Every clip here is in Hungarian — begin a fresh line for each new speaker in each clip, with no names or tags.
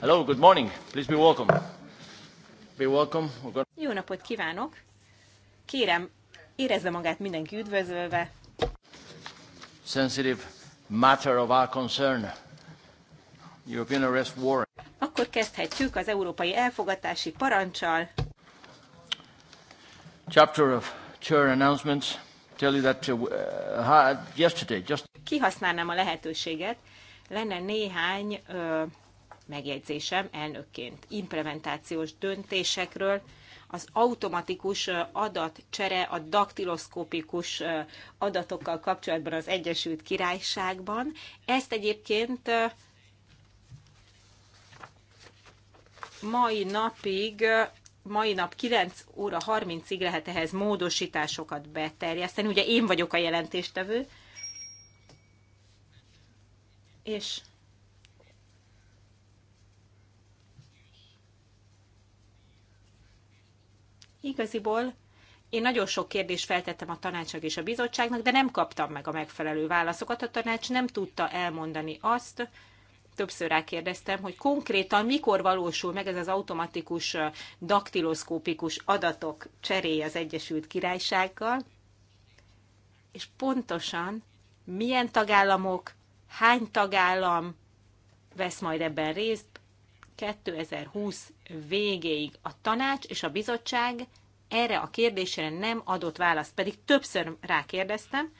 Hello, good morning. Please be welcome. Be welcome. Gonna... Jó napot kívánok. Kérem, érezze magát mindenki üdvözölve. Sensitive matter of our concern. European arrest warrant. Akkor kezdhetjük az európai elfogatási parancsal.
Chapter of chair announcements tell you that uh, yesterday, just
kihasználnám a lehetőséget, lenne néhány ö, megjegyzésem elnökként implementációs döntésekről, az automatikus adatcsere a daktiloszkópikus adatokkal kapcsolatban az Egyesült Királyságban. Ezt egyébként mai napig mai nap 9 óra 30-ig lehet ehhez módosításokat beterjeszteni. Ugye én vagyok a jelentéstevő, és igaziból én nagyon sok kérdést feltettem a tanácsnak és a bizottságnak, de nem kaptam meg a megfelelő válaszokat. A tanács nem tudta elmondani azt, többször rákérdeztem, hogy konkrétan mikor valósul meg ez az automatikus daktiloszkópikus adatok cseréje az Egyesült Királysággal, és pontosan milyen tagállamok, hány tagállam vesz majd ebben részt 2020 végéig. A tanács és a bizottság erre a kérdésre nem adott választ, pedig többször rákérdeztem,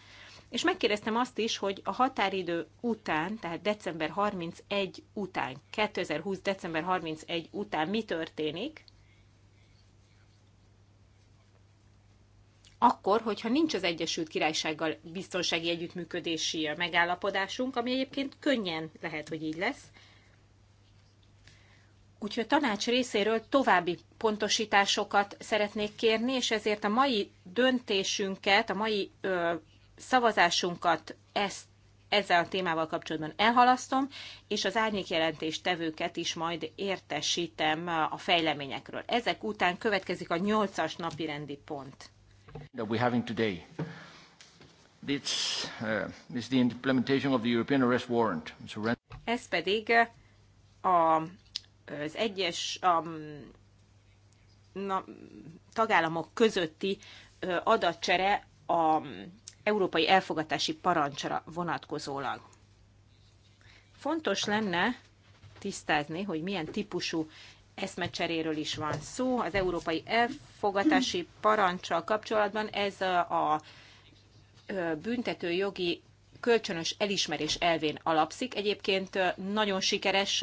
és megkérdeztem azt is, hogy a határidő után, tehát december 31 után, 2020. december 31 után mi történik, akkor, hogyha nincs az Egyesült Királysággal biztonsági együttműködési megállapodásunk, ami egyébként könnyen lehet, hogy így lesz. Úgyhogy a tanács részéről további pontosításokat szeretnék kérni, és ezért a mai döntésünket, a mai ö, szavazásunkat ezt, ezzel a témával kapcsolatban elhalasztom, és az árnyékjelentés tevőket is majd értesítem a fejleményekről. Ezek után következik a nyolcas napi rendi pont. That we're having today. It's, uh, it's the implementation of the European arrest warrant. Ez pedig uh, a, az egyes a, um, na, tagállamok közötti uh, adatcsere a um, európai elfogatási parancsra vonatkozólag. Fontos lenne tisztázni, hogy milyen típusú eszmecseréről is van szó. Az európai elfogatási parancsal kapcsolatban ez a jogi kölcsönös elismerés elvén alapszik. Egyébként nagyon sikeres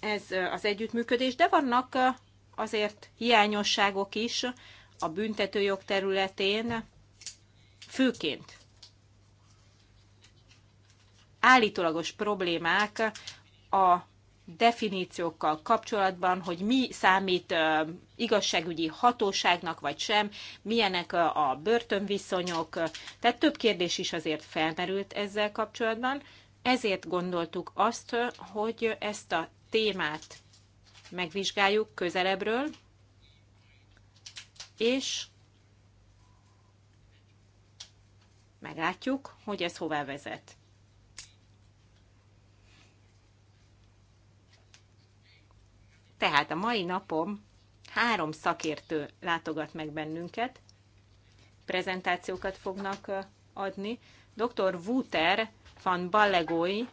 ez az együttműködés, de vannak azért hiányosságok is a büntetőjog területén, főként állítólagos problémák a definíciókkal kapcsolatban, hogy mi számít igazságügyi hatóságnak vagy sem, milyenek a börtönviszonyok, tehát több kérdés is azért felmerült ezzel kapcsolatban. Ezért gondoltuk azt, hogy ezt a témát megvizsgáljuk közelebbről, és meglátjuk, hogy ez hová vezet. Tehát a mai napom három szakértő látogat meg bennünket, prezentációkat fognak adni. Dr. Wouter van Ballegói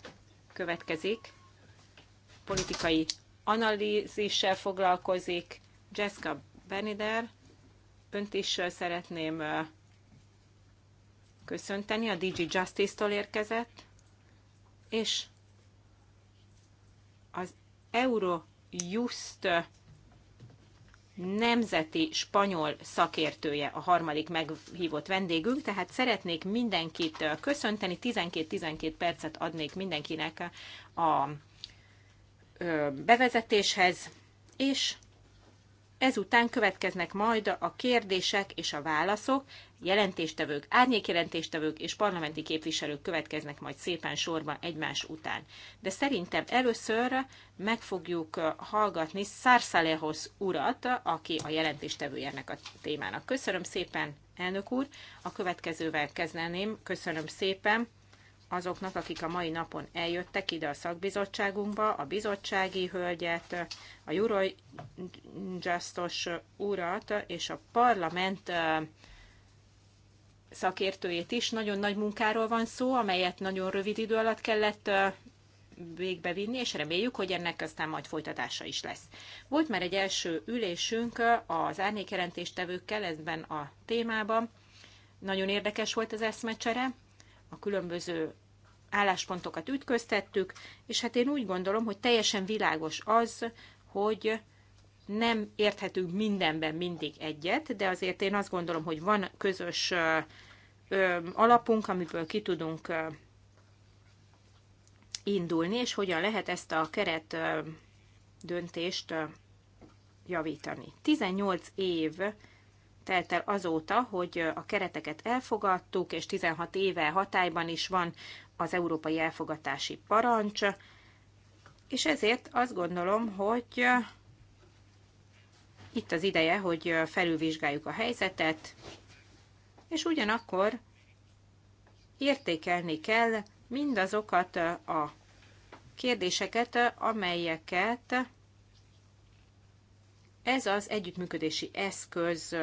következik, politikai analízissel foglalkozik, Jessica Benider, önt is szeretném köszönteni, a DG Justice-tól érkezett, és az Euro Just nemzeti spanyol szakértője a harmadik meghívott vendégünk, tehát szeretnék mindenkit köszönteni, 12-12 percet adnék mindenkinek a bevezetéshez, és Ezután következnek majd a kérdések és a válaszok, jelentéstevők, árnyékjelentéstevők és parlamenti képviselők következnek majd szépen sorban egymás után. De szerintem először meg fogjuk hallgatni Szárszalehoz urat, aki a jelentéstevője ennek a témának. Köszönöm szépen, elnök úr! A következővel kezdeném. Köszönöm szépen! azoknak, akik a mai napon eljöttek ide a szakbizottságunkba, a bizottsági hölgyet, a Eurojustos urat és a parlament szakértőjét is. Nagyon nagy munkáról van szó, amelyet nagyon rövid idő alatt kellett végbevinni, és reméljük, hogy ennek aztán majd folytatása is lesz. Volt már egy első ülésünk az árnyékjelentéstevőkkel ebben a témában. Nagyon érdekes volt az eszmecsere, a különböző álláspontokat ütköztettük, és hát én úgy gondolom, hogy teljesen világos az, hogy nem érthetünk mindenben mindig egyet, de azért én azt gondolom, hogy van közös alapunk, amiből ki tudunk indulni, és hogyan lehet ezt a keret döntést javítani. 18 év telt el azóta, hogy a kereteket elfogadtuk, és 16 éve hatályban is van az európai elfogatási parancs, és ezért azt gondolom, hogy itt az ideje, hogy felülvizsgáljuk a helyzetet, és ugyanakkor értékelni kell mindazokat a kérdéseket, amelyeket ez az együttműködési eszköz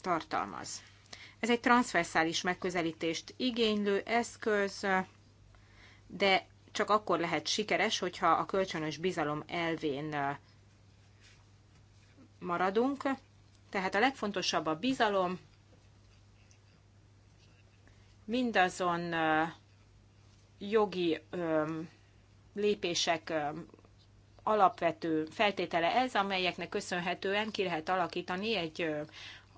tartalmaz. Ez egy transzverszális megközelítést igénylő eszköz, de csak akkor lehet sikeres, hogyha a kölcsönös bizalom elvén maradunk. Tehát a legfontosabb a bizalom, mindazon jogi lépések alapvető feltétele ez, amelyeknek köszönhetően ki lehet alakítani egy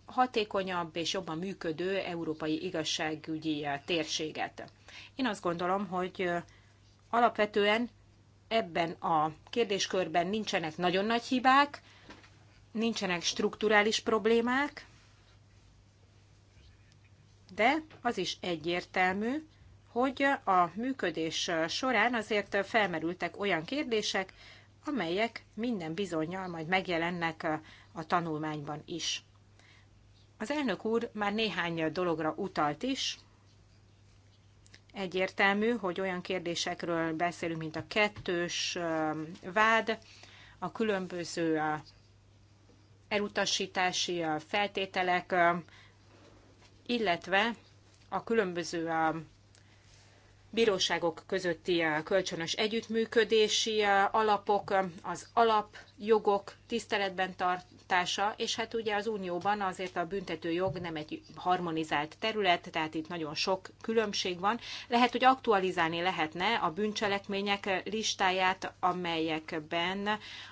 hatékonyabb és jobban működő európai igazságügyi térséget. Én azt gondolom, hogy alapvetően ebben a kérdéskörben nincsenek nagyon nagy hibák, nincsenek strukturális problémák, de az is egyértelmű, hogy a működés során azért felmerültek olyan kérdések, amelyek minden bizonyal majd megjelennek a tanulmányban is. Az elnök úr már néhány dologra utalt is. Egyértelmű, hogy olyan kérdésekről beszélünk, mint a kettős vád, a különböző elutasítási feltételek, illetve a különböző bíróságok közötti kölcsönös együttműködési alapok, az alapjogok tiszteletben tartása, és hát ugye az Unióban azért a büntető jog nem egy harmonizált terület, tehát itt nagyon sok különbség van. Lehet, hogy aktualizálni lehetne a bűncselekmények listáját, amelyekben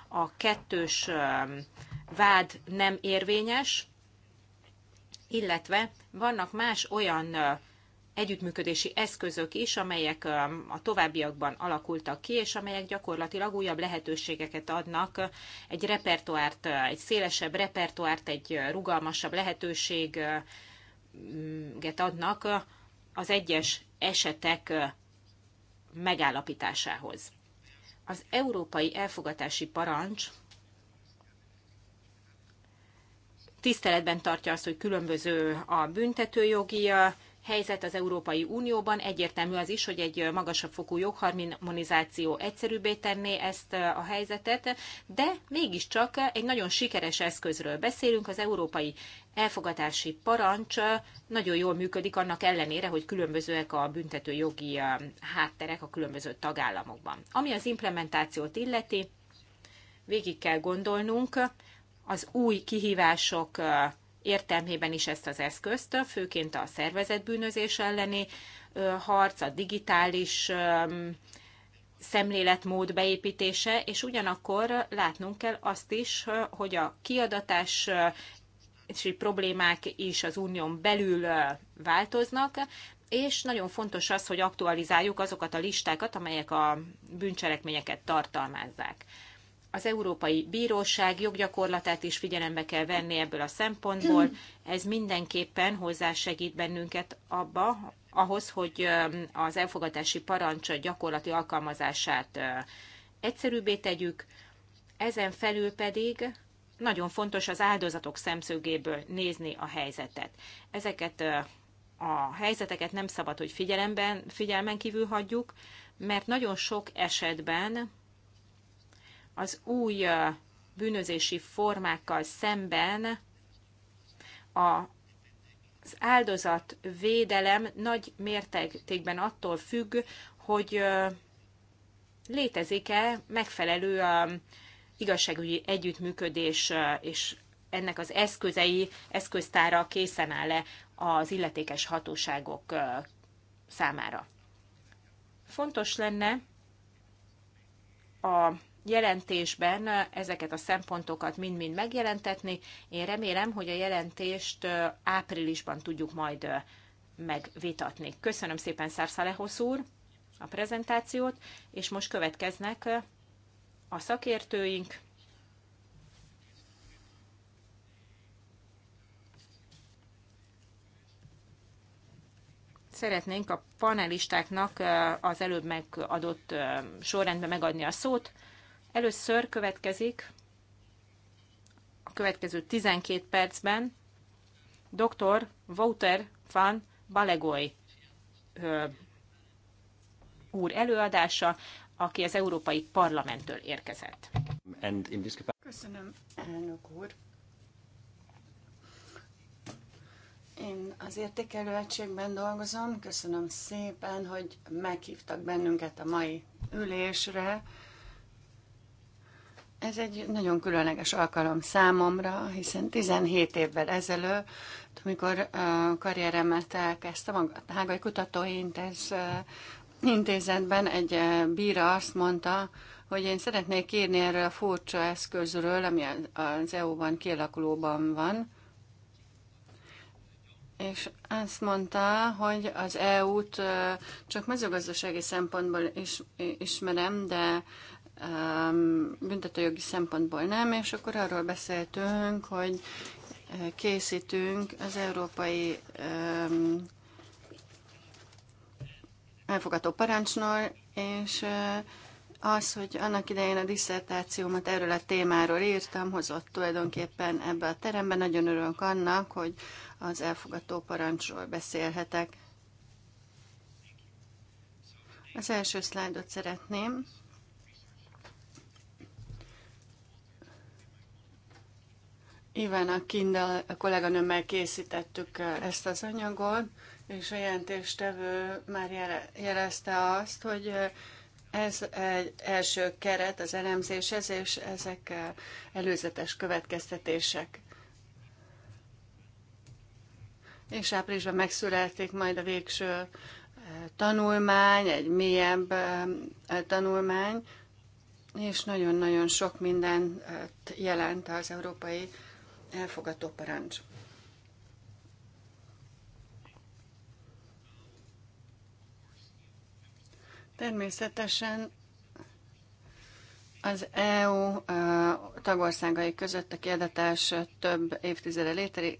a kettős vád nem érvényes, illetve vannak más olyan együttműködési eszközök is, amelyek um, a továbbiakban alakultak ki, és amelyek gyakorlatilag újabb lehetőségeket adnak egy repertoárt, uh, egy szélesebb repertoárt, egy uh, rugalmasabb lehetőséget adnak uh, az egyes esetek megállapításához. Az európai elfogatási parancs tiszteletben tartja azt, hogy különböző a büntetőjogi helyzet az Európai Unióban. Egyértelmű az is, hogy egy magasabb fokú jogharmonizáció egyszerűbbé tenné ezt eh, a helyzetet, de mégiscsak egy nagyon sikeres eszközről beszélünk. Az európai elfogadási parancs eh, nagyon jól működik annak ellenére, hogy különbözőek a büntető jogi eh, hátterek a különböző tagállamokban. Ami az implementációt illeti, végig kell gondolnunk az új kihívások értelmében is ezt az eszközt, főként a szervezetbűnözés elleni harc, a digitális szemléletmód beépítése, és ugyanakkor látnunk kell azt is, hogy a kiadatás problémák is az unión belül változnak, és nagyon fontos az, hogy aktualizáljuk azokat a listákat, amelyek a bűncselekményeket tartalmazzák az Európai Bíróság joggyakorlatát is figyelembe kell venni ebből a szempontból. Ez mindenképpen hozzásegít bennünket abba, ahhoz, hogy az elfogadási parancs gyakorlati alkalmazását egyszerűbbé tegyük, ezen felül pedig nagyon fontos az áldozatok szemszögéből nézni a helyzetet. Ezeket a helyzeteket nem szabad, hogy figyelemben, figyelmen kívül hagyjuk, mert nagyon sok esetben az új bűnözési formákkal szemben a az áldozat védelem nagy mértékben attól függ, hogy létezik-e megfelelő igazságügyi együttműködés és ennek az eszközei, eszköztára készen áll-e az illetékes hatóságok számára. Fontos lenne a jelentésben ezeket a szempontokat mind-mind megjelentetni. Én remélem, hogy a jelentést áprilisban tudjuk majd megvitatni. Köszönöm szépen Szárszalehosz úr a prezentációt, és most következnek a szakértőink. Szeretnénk a panelistáknak az előbb megadott sorrendben megadni a szót. Először következik a következő 12 percben dr. Wouter van Balegoy úr előadása, aki az Európai Parlamenttől érkezett.
Köszönöm, elnök úr. Én az értékelő egységben dolgozom. Köszönöm szépen, hogy meghívtak bennünket a mai ülésre. Ez egy nagyon különleges alkalom számomra, hiszen 17 évvel ezelőtt, amikor a karrieremet elkezdtem a Hágai Kutatóintéz intézetben egy bíra azt mondta, hogy én szeretnék írni erről a furcsa eszközről, ami az EU-ban kialakulóban van, és azt mondta, hogy az EU-t csak mezőgazdasági szempontból is, ismerem, de büntetőjogi szempontból nem, és akkor arról beszéltünk, hogy e, készítünk az európai elfogadó parancsnól, és e, az, hogy annak idején a diszertációmat erről a témáról írtam, hozott tulajdonképpen ebbe a terembe. Nagyon örülök annak, hogy az elfogadó parancsról beszélhetek. Az első szlájdot szeretném. Ivana Kindel a kolléganőmmel készítettük ezt az anyagot, és a jelentéstevő már jelezte azt, hogy ez egy első keret az elemzéshez, és ezek előzetes következtetések. És áprilisban megszületik majd a végső tanulmány, egy mélyebb tanulmány, és nagyon-nagyon sok mindent jelent az európai elfogadó parancs. Természetesen az EU tagországai között a kiadatás több évtizede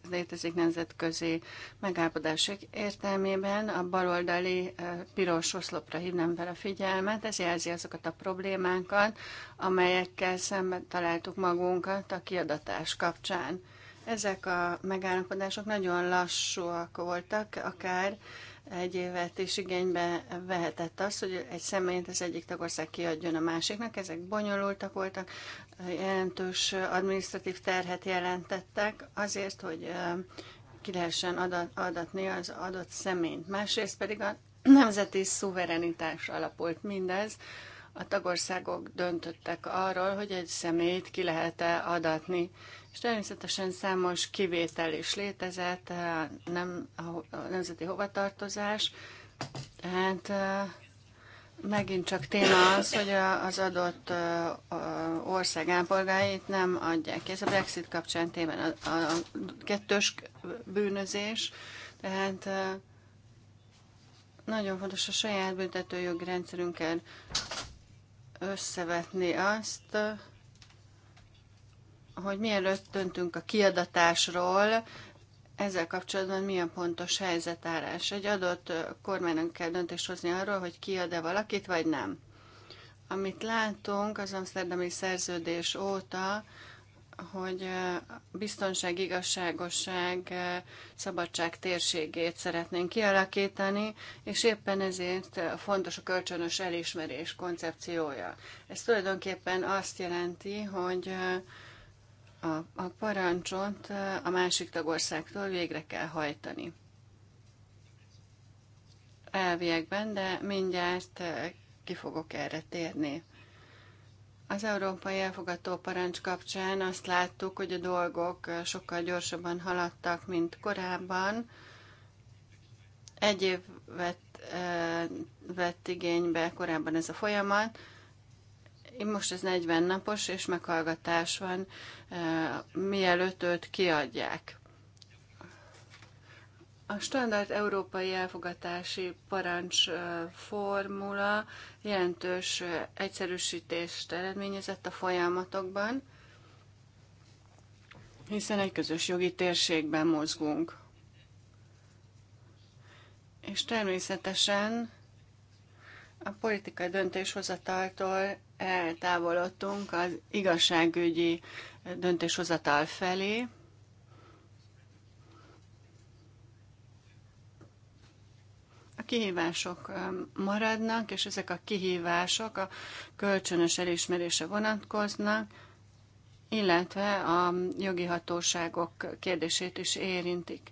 létezik nemzetközi megállapodások értelmében. A baloldali piros oszlopra hívnám fel a figyelmet, ez jelzi azokat a problémákat, amelyekkel szemben találtuk magunkat a kiadatás kapcsán. Ezek a megállapodások nagyon lassúak voltak, akár egy évet is igénybe vehetett az, hogy egy személyt az egyik tagország kiadjon a másiknak. Ezek bonyolultak voltak, jelentős administratív terhet jelentettek azért, hogy ki lehessen adat, adatni az adott személyt. Másrészt pedig a
nemzeti
szuverenitás alapult mindez. A tagországok döntöttek arról, hogy egy személyt ki lehet-e adatni, és természetesen számos kivétel is létezett, eh, nem a nemzeti hovatartozás. Tehát eh, megint csak téma az, hogy az adott eh, ország állampolgáit nem adják ki. Ez a Brexit kapcsán téma a, a kettős bűnözés, tehát nagyon fontos a saját büntetőjogi rendszerünkkel összevetni azt, hogy mielőtt döntünk a kiadatásról, ezzel kapcsolatban milyen pontos helyzetárás. Egy adott kormánynak kell döntést hozni arról, hogy kiad-e valakit, vagy nem. Amit látunk az amsterdami szerződés óta, hogy biztonság, igazságosság, szabadság térségét szeretnénk kialakítani, és éppen ezért fontos a kölcsönös elismerés koncepciója. Ez tulajdonképpen azt jelenti, hogy a, a parancsot a másik tagországtól végre kell hajtani. Elviekben, de mindjárt ki fogok erre térni. Az európai elfogató parancs kapcsán azt láttuk, hogy a dolgok sokkal gyorsabban haladtak, mint korábban. Egy év vett, vett igénybe korábban ez a folyamat, most ez 40 napos, és meghallgatás van, mielőtt őt kiadják. A standard európai elfogatási parancs formula jelentős egyszerűsítést eredményezett a folyamatokban, hiszen egy közös jogi térségben mozgunk. És természetesen a politikai döntéshozataltól eltávolodtunk az igazságügyi döntéshozatal felé. A kihívások maradnak, és ezek a kihívások a kölcsönös elismerése vonatkoznak, illetve a jogi hatóságok kérdését is érintik.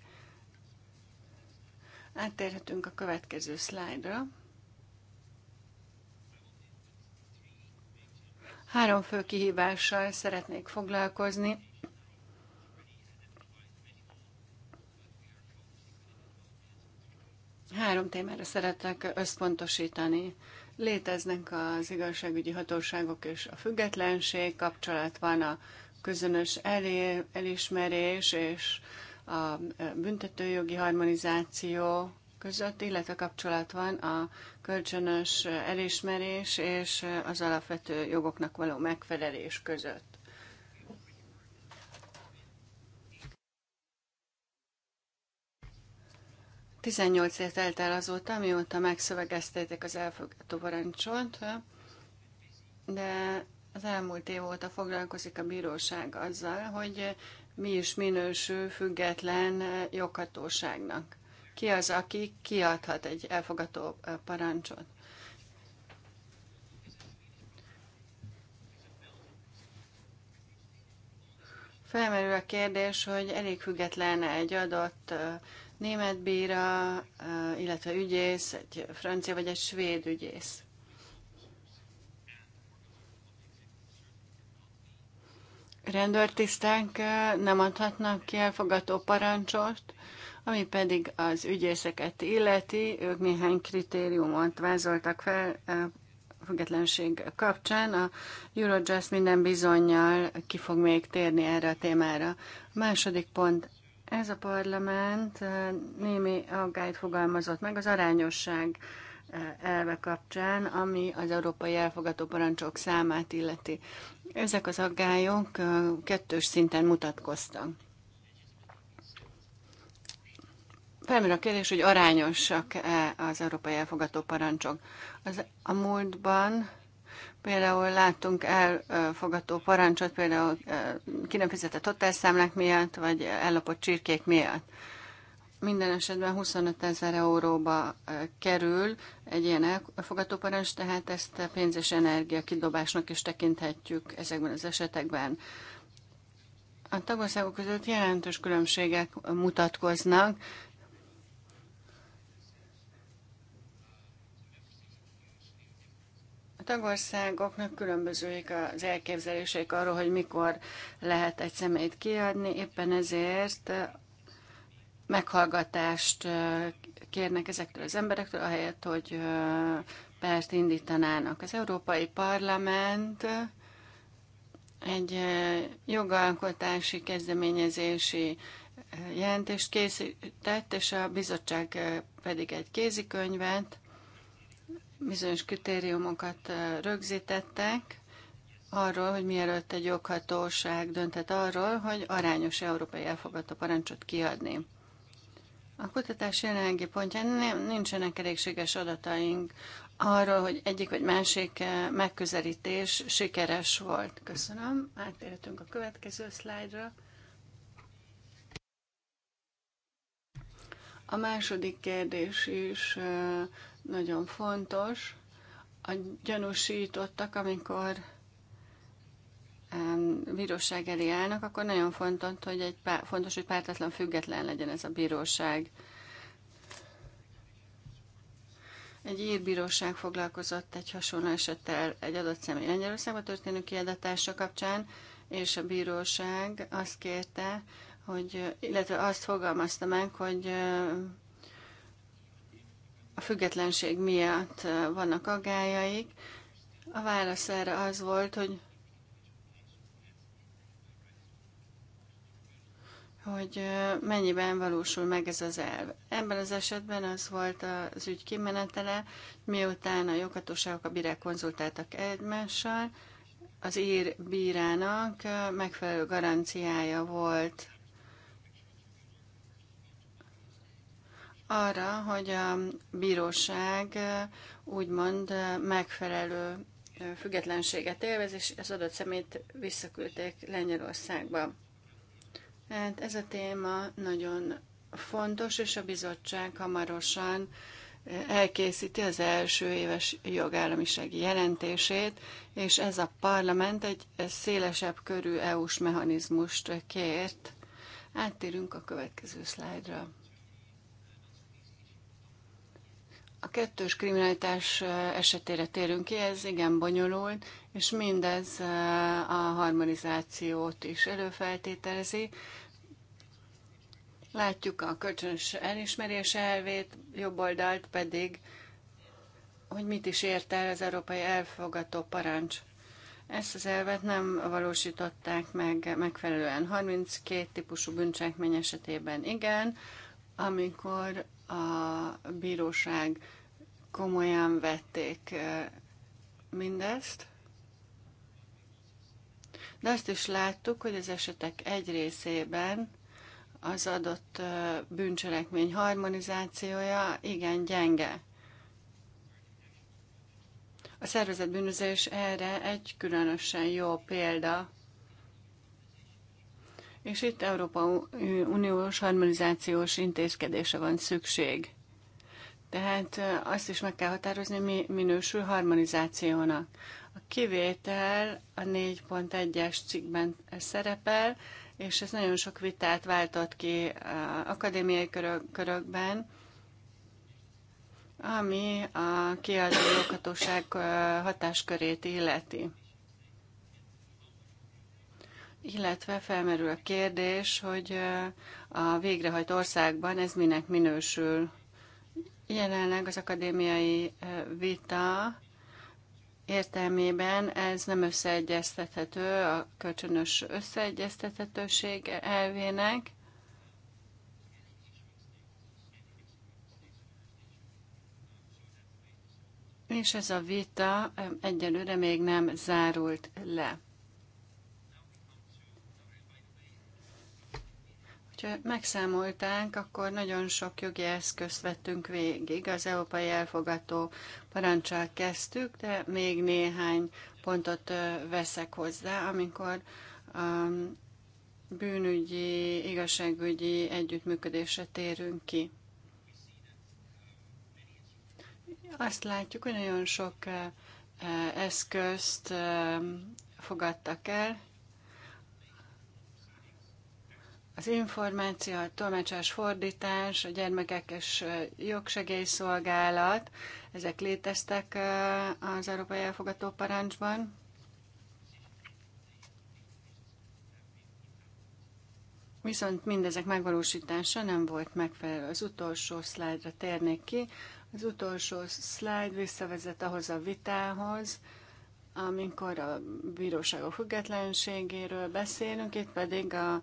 Áttérhetünk a következő szlájdra. Három fő kihívással szeretnék foglalkozni. Három témára szeretek összpontosítani. Léteznek az igazságügyi hatóságok és a függetlenség, kapcsolat van a közönös elismerés és a büntetőjogi harmonizáció, között, illetve kapcsolat van a kölcsönös elismerés és az alapvető jogoknak való megfelelés között. Tizennyolc év telt el azóta, mióta megszövegeztétek az elfogadó parancsot, de az elmúlt év óta foglalkozik a bíróság azzal, hogy mi is minősül független joghatóságnak. Ki az, aki kiadhat egy elfogató parancsot? Felmerül a kérdés, hogy elég független egy adott német bíra, illetve ügyész, egy francia vagy egy svéd ügyész. rendőrtisztánk nem adhatnak ki elfogató parancsot, ami pedig az ügyészeket illeti, ők néhány kritériumot vázoltak fel függetlenség kapcsán. A Eurojust minden bizonyal ki fog még térni erre a témára. A második pont. Ez a parlament némi aggályt fogalmazott meg az arányosság elve kapcsán, ami az európai elfogató parancsok számát illeti. Ezek az aggályok kettős szinten mutatkoztak. Felmerül a kérdés, hogy arányosak -e az európai elfogató parancsok. Az, a múltban például láttunk elfogató parancsot, például ki nem fizetett hotelszámlák miatt, vagy ellopott csirkék miatt. Minden esetben 25 ezer euróba kerül egy ilyen elfogató parancs, tehát ezt pénz és energia kidobásnak is tekinthetjük ezekben az esetekben a tagországok között jelentős különbségek mutatkoznak, A tagországoknak különbözőik az elképzeléseik arról, hogy mikor lehet egy személyt kiadni, éppen ezért meghallgatást kérnek ezektől az emberektől, ahelyett, hogy pert indítanának. Az Európai Parlament egy jogalkotási kezdeményezési jelentést készített, és a bizottság pedig egy kézikönyvet, bizonyos kritériumokat rögzítettek arról, hogy mielőtt egy joghatóság döntet arról, hogy arányos európai elfogadó parancsot kiadni. A kutatás jelenlegi pontján nem, nincsenek elégséges adataink arról, hogy egyik vagy másik megközelítés sikeres volt. Köszönöm. Átérhetünk a következő szlájdra. A második kérdés is nagyon fontos. A gyanúsítottak, amikor bíróság elé állnak, akkor nagyon fontos, hogy egy pár, fontos, hogy pártatlan, független legyen ez a bíróság. Egy írbíróság foglalkozott egy hasonló esettel egy adott személy Lengyelországba történő kiadatása kapcsán, és a bíróság azt kérte, hogy, illetve azt fogalmazta meg, hogy a függetlenség miatt vannak aggájaik. A válasz erre az volt, hogy hogy mennyiben valósul meg ez az elv. Ebben az esetben az volt az ügy kimenetele, miután a joghatóságok, a bírák konzultáltak egymással, az ír bírának megfelelő garanciája volt arra, hogy a bíróság úgymond megfelelő függetlenséget élvez, és az adott szemét visszaküldték Lengyelországba. Hát ez a téma nagyon fontos, és a bizottság hamarosan elkészíti az első éves jogállamisági jelentését, és ez a parlament egy szélesebb körű EU-s mechanizmust kért. Áttérünk a következő szlájdra. A kettős kriminalitás esetére térünk ki, ez igen bonyolult, és mindez a harmonizációt is előfeltételezi. Látjuk a kölcsönös elismerés elvét, jobb oldalt pedig, hogy mit is ért el az európai elfogató parancs. Ezt az elvet nem valósították meg megfelelően. 32 típusú bűncselekmény esetében igen, amikor a bíróság komolyan vették mindezt, de azt is láttuk, hogy az esetek egy részében az adott bűncselekmény harmonizációja igen gyenge. A szervezetbűnözés bűnözés erre egy különösen jó példa. És itt Európa Uniós harmonizációs intézkedése van szükség. Tehát azt is meg kell határozni, mi minősül harmonizációnak. A kivétel a 4.1-es cikkben szerepel, és ez nagyon sok vitát váltott ki akadémiai körök, körökben, ami a kiadó hatóság hatáskörét illeti. Illetve felmerül a kérdés, hogy a végrehajt országban ez minek minősül. Jelenleg az akadémiai vita értelmében ez nem összeegyeztethető a kölcsönös összeegyeztethetőség elvének. És ez a vita egyelőre még nem zárult le. Hogyha megszámoltánk, akkor nagyon sok jogi eszközt vettünk végig. Az európai elfogató parancsal kezdtük, de még néhány pontot veszek hozzá, amikor um, bűnügyi, igazságügyi együttműködésre térünk ki. Azt látjuk, hogy nagyon sok eszközt fogadtak el, az információ, a tolmácsás fordítás, a gyermekek és jogsegélyszolgálat, ezek léteztek az Európai Elfogató Parancsban. Viszont mindezek megvalósítása nem volt megfelelő. Az utolsó szlájdra térnék ki. Az utolsó szlájd visszavezet ahhoz a vitához, amikor a bíróságok függetlenségéről beszélünk, itt pedig a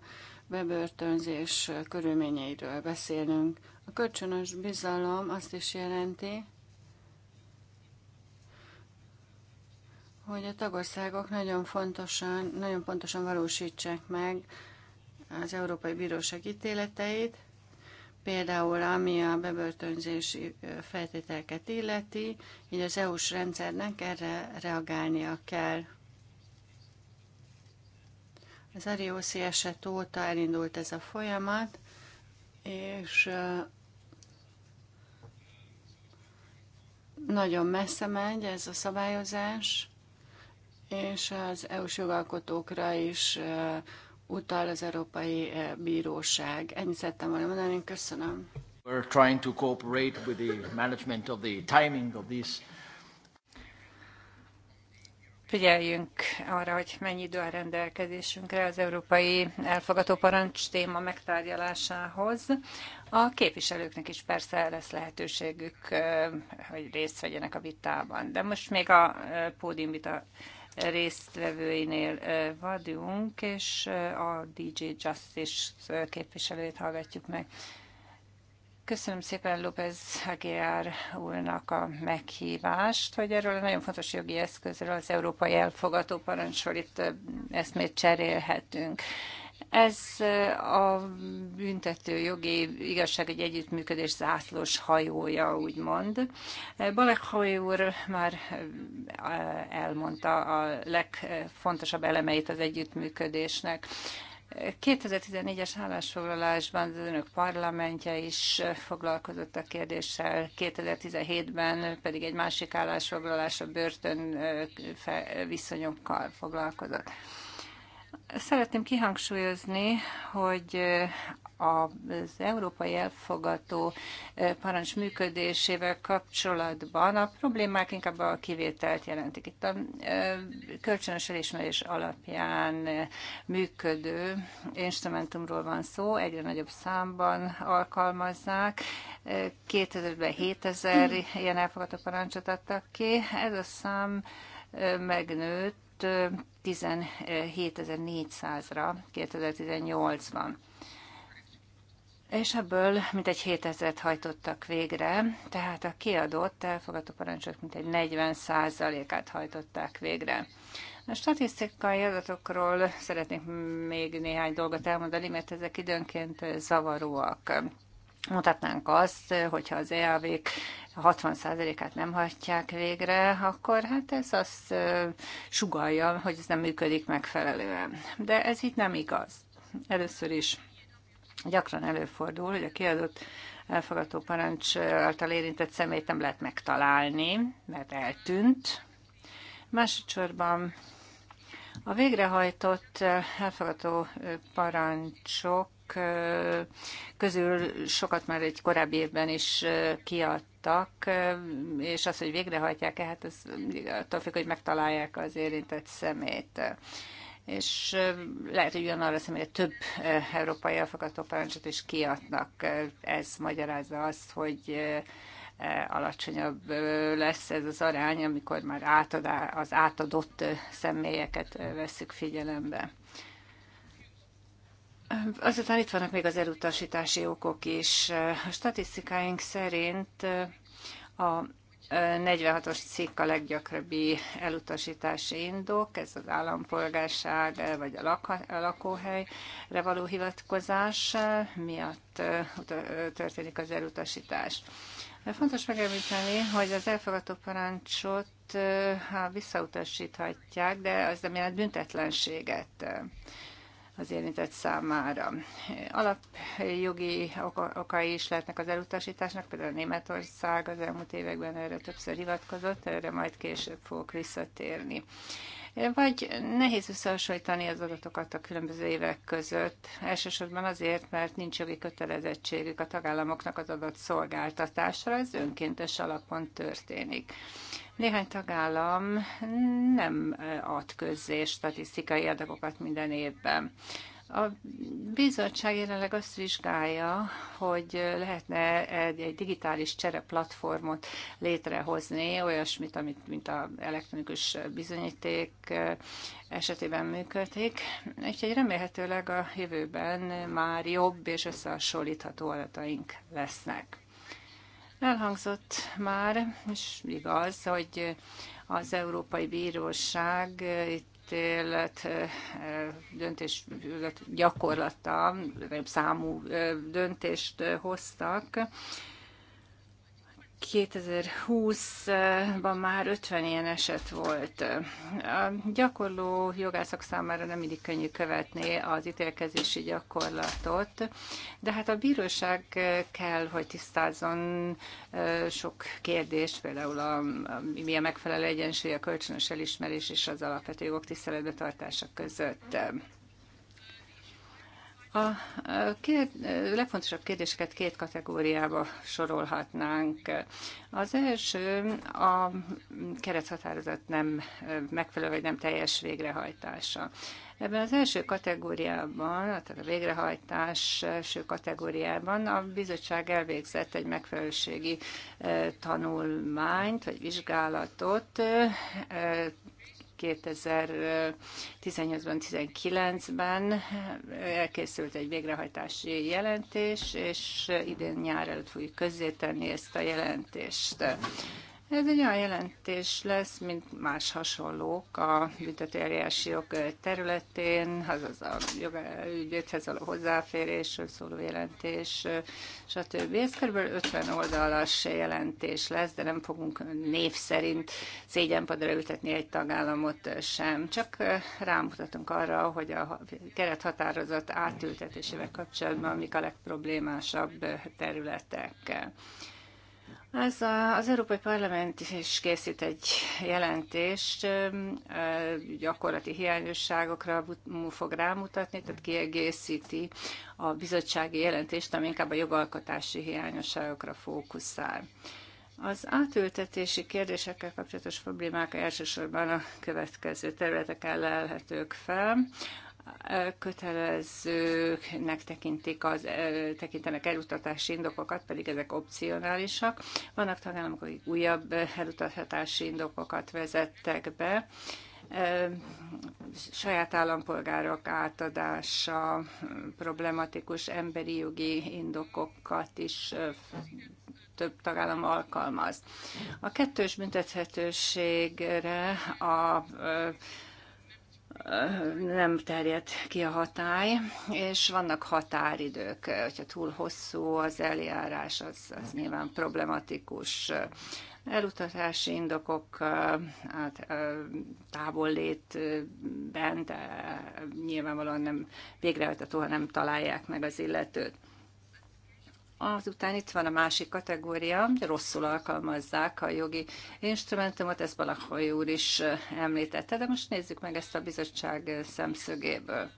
bebörtönzés körülményeiről beszélünk. A kölcsönös bizalom azt is jelenti, hogy a tagországok nagyon fontosan, nagyon pontosan valósítsák meg az Európai Bíróság ítéleteit, például ami a bebörtönzési feltételket illeti, így az EU-s rendszernek erre reagálnia kell. Az Ariószi eset óta elindult ez a folyamat, és nagyon messze megy ez a szabályozás, és az EU-s jogalkotókra is utal az Európai Bíróság. Ennyit szerettem volna mondani, köszönöm. We're trying to cooperate with the management of the timing of these
figyeljünk arra, hogy mennyi idő a rendelkezésünkre az európai elfogató parancs téma megtárgyalásához. A képviselőknek is persze lesz lehetőségük, hogy részt vegyenek a vitában. De most még a pódiumvita résztvevőinél vagyunk, és a DJ Justice képviselőjét hallgatjuk meg. Köszönöm szépen López Hagiár úrnak a meghívást, hogy erről a nagyon fontos jogi eszközről az európai elfogató parancsról itt eszmét cserélhetünk. Ez a büntető jogi igazság egy együttműködés zászlós hajója, úgymond. Balekhoi úr már elmondta a legfontosabb elemeit az együttműködésnek. 2014-es állásfoglalásban az önök parlamentje is foglalkozott a kérdéssel, 2017-ben pedig egy másik állásfoglalás a börtön viszonyokkal foglalkozott. Szeretném kihangsúlyozni, hogy az európai elfogató parancs működésével kapcsolatban a problémák inkább a kivételt jelentik. Itt a kölcsönös elismerés alapján működő instrumentumról van szó, egyre nagyobb számban alkalmazzák. 2000-ben 7000 ilyen elfogadó parancsot adtak ki. Ez a szám megnőtt 17.400-ra 2018-ban és ebből mintegy 7000-et hajtottak végre, tehát a kiadott elfogadó parancsok mintegy 40%-át hajtották végre. A statisztikai adatokról szeretnék még néhány dolgot elmondani, mert ezek időnként zavaróak. Mutatnánk azt, hogyha az EAV-k 60%-át nem hagyják végre, akkor hát ez azt sugalja, hogy ez nem működik megfelelően. De ez itt nem igaz. Először is Gyakran előfordul, hogy a kiadott elfogadó parancs által érintett személyt nem lehet megtalálni, mert eltűnt. Másodszorban a végrehajtott elfogadó parancsok közül sokat már egy korábbi évben is kiadtak, és az, hogy végrehajtják-e, hát ez attól függ, hogy megtalálják az érintett szemét és lehet, hogy ugyanarra személyre több európai elfogadó parancsot is kiadnak. Ez magyarázza azt, hogy alacsonyabb lesz ez az arány, amikor már átadá, az átadott személyeket veszük figyelembe. Azután itt vannak még az elutasítási okok is. A statisztikáink szerint a 46-os cikk a leggyakrabbi elutasítási indok, ez az állampolgárság vagy a, lak- a lakóhelyre való hivatkozás miatt történik az elutasítás. Fontos megemlíteni, hogy az elfogadó parancsot ha visszautasíthatják, de az nem jelent büntetlenséget az érintett számára. Alapjogi okai is lehetnek az elutasításnak, például Németország az elmúlt években erre többször hivatkozott, erre majd később fogok visszatérni. Vagy nehéz összehasonlítani az adatokat a különböző évek között, elsősorban azért, mert nincs jogi kötelezettségük a tagállamoknak az szolgáltatásra, ez önkéntes alapon történik. Néhány tagállam nem ad közzé statisztikai adatokat minden évben. A bizottság jelenleg azt vizsgálja, hogy lehetne egy, egy digitális csereplatformot létrehozni, olyasmit, amit, mint a elektronikus bizonyíték esetében működik. Úgyhogy remélhetőleg a jövőben már jobb és összehasonlítható adataink lesznek. Elhangzott már, és igaz, hogy az Európai Bíróság ítélet döntés gyakorlata, számú döntést hoztak, 2020-ban már 50 ilyen eset volt. A gyakorló jogászok számára nem mindig könnyű követni az ítélkezési gyakorlatot, de hát a bíróság kell, hogy tisztázzon sok kérdést, például a, a, mi a megfelelő egyensúly a kölcsönös elismerés és az alapvető jogok tiszteletbe tartása között. A legfontosabb kérdéseket két kategóriába sorolhatnánk. Az első a kerethatározat nem megfelelő vagy nem teljes végrehajtása. Ebben az első kategóriában, tehát a végrehajtás első kategóriában a bizottság elvégzett egy megfelelőségi tanulmányt vagy vizsgálatot 2018-ban, 19-ben elkészült egy végrehajtási jelentés, és idén nyár előtt fogjuk közzétenni ezt a jelentést. Ez egy olyan jelentés lesz, mint más hasonlók a büntetőeljárási jog területén, azaz a jogügyethez való hozzáférésről szóló jelentés, stb. Ez kb. 50 oldalas jelentés lesz, de nem fogunk név szerint szégyenpadra ültetni egy tagállamot sem. Csak rámutatunk arra, hogy a kerethatározat átültetésével kapcsolatban mik a legproblémásabb területek. Ez a, az Európai Parlament is készít egy jelentést, gyakorlati hiányosságokra fog rámutatni, tehát kiegészíti a bizottsági jelentést, ami inkább a jogalkotási hiányosságokra fókuszál. Az átültetési kérdésekkel kapcsolatos problémák elsősorban a következő területeken lelhetők fel kötelezőknek tekintik az, tekintenek elutatási indokokat, pedig ezek opcionálisak. Vannak tagállamok, akik újabb elutatási indokokat vezettek be saját állampolgárok átadása, problematikus emberi jogi indokokat is több tagállam alkalmaz. A kettős büntethetőségre a nem terjed ki a hatály, és vannak határidők. Hogyha túl hosszú az eljárás, az, az nyilván problematikus. Elutatási indokok hát, távollétben, de nyilvánvalóan nem végrehajtató, ha nem találják meg az illetőt. Azután itt van a másik kategória, rosszul alkalmazzák a jogi instrumentumot, ezt Balakói úr is említette, de most nézzük meg ezt a bizottság szemszögéből.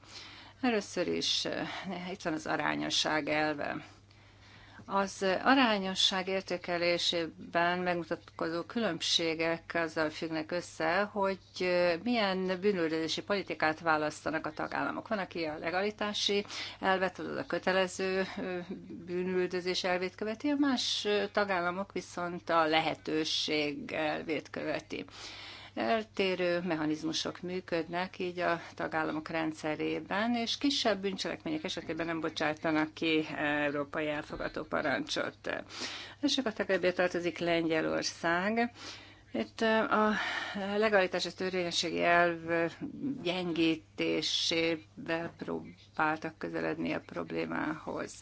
Először is itt van az arányosság elve. Az arányosság értékelésében megmutatkozó különbségek azzal függnek össze, hogy milyen bűnüldözési politikát választanak a tagállamok. Van, aki a legalitási elvet, az a kötelező bűnüldözés elvét követi, a más tagállamok viszont a lehetőség elvét követi. Eltérő mechanizmusok működnek így a tagállamok rendszerében, és kisebb bűncselekmények esetében nem bocsátanak ki európai elfogató parancsot. Sokat ebbé tartozik Lengyelország. Itt a legalitás és törvényességi elv gyengítésével próbáltak közeledni a problémához.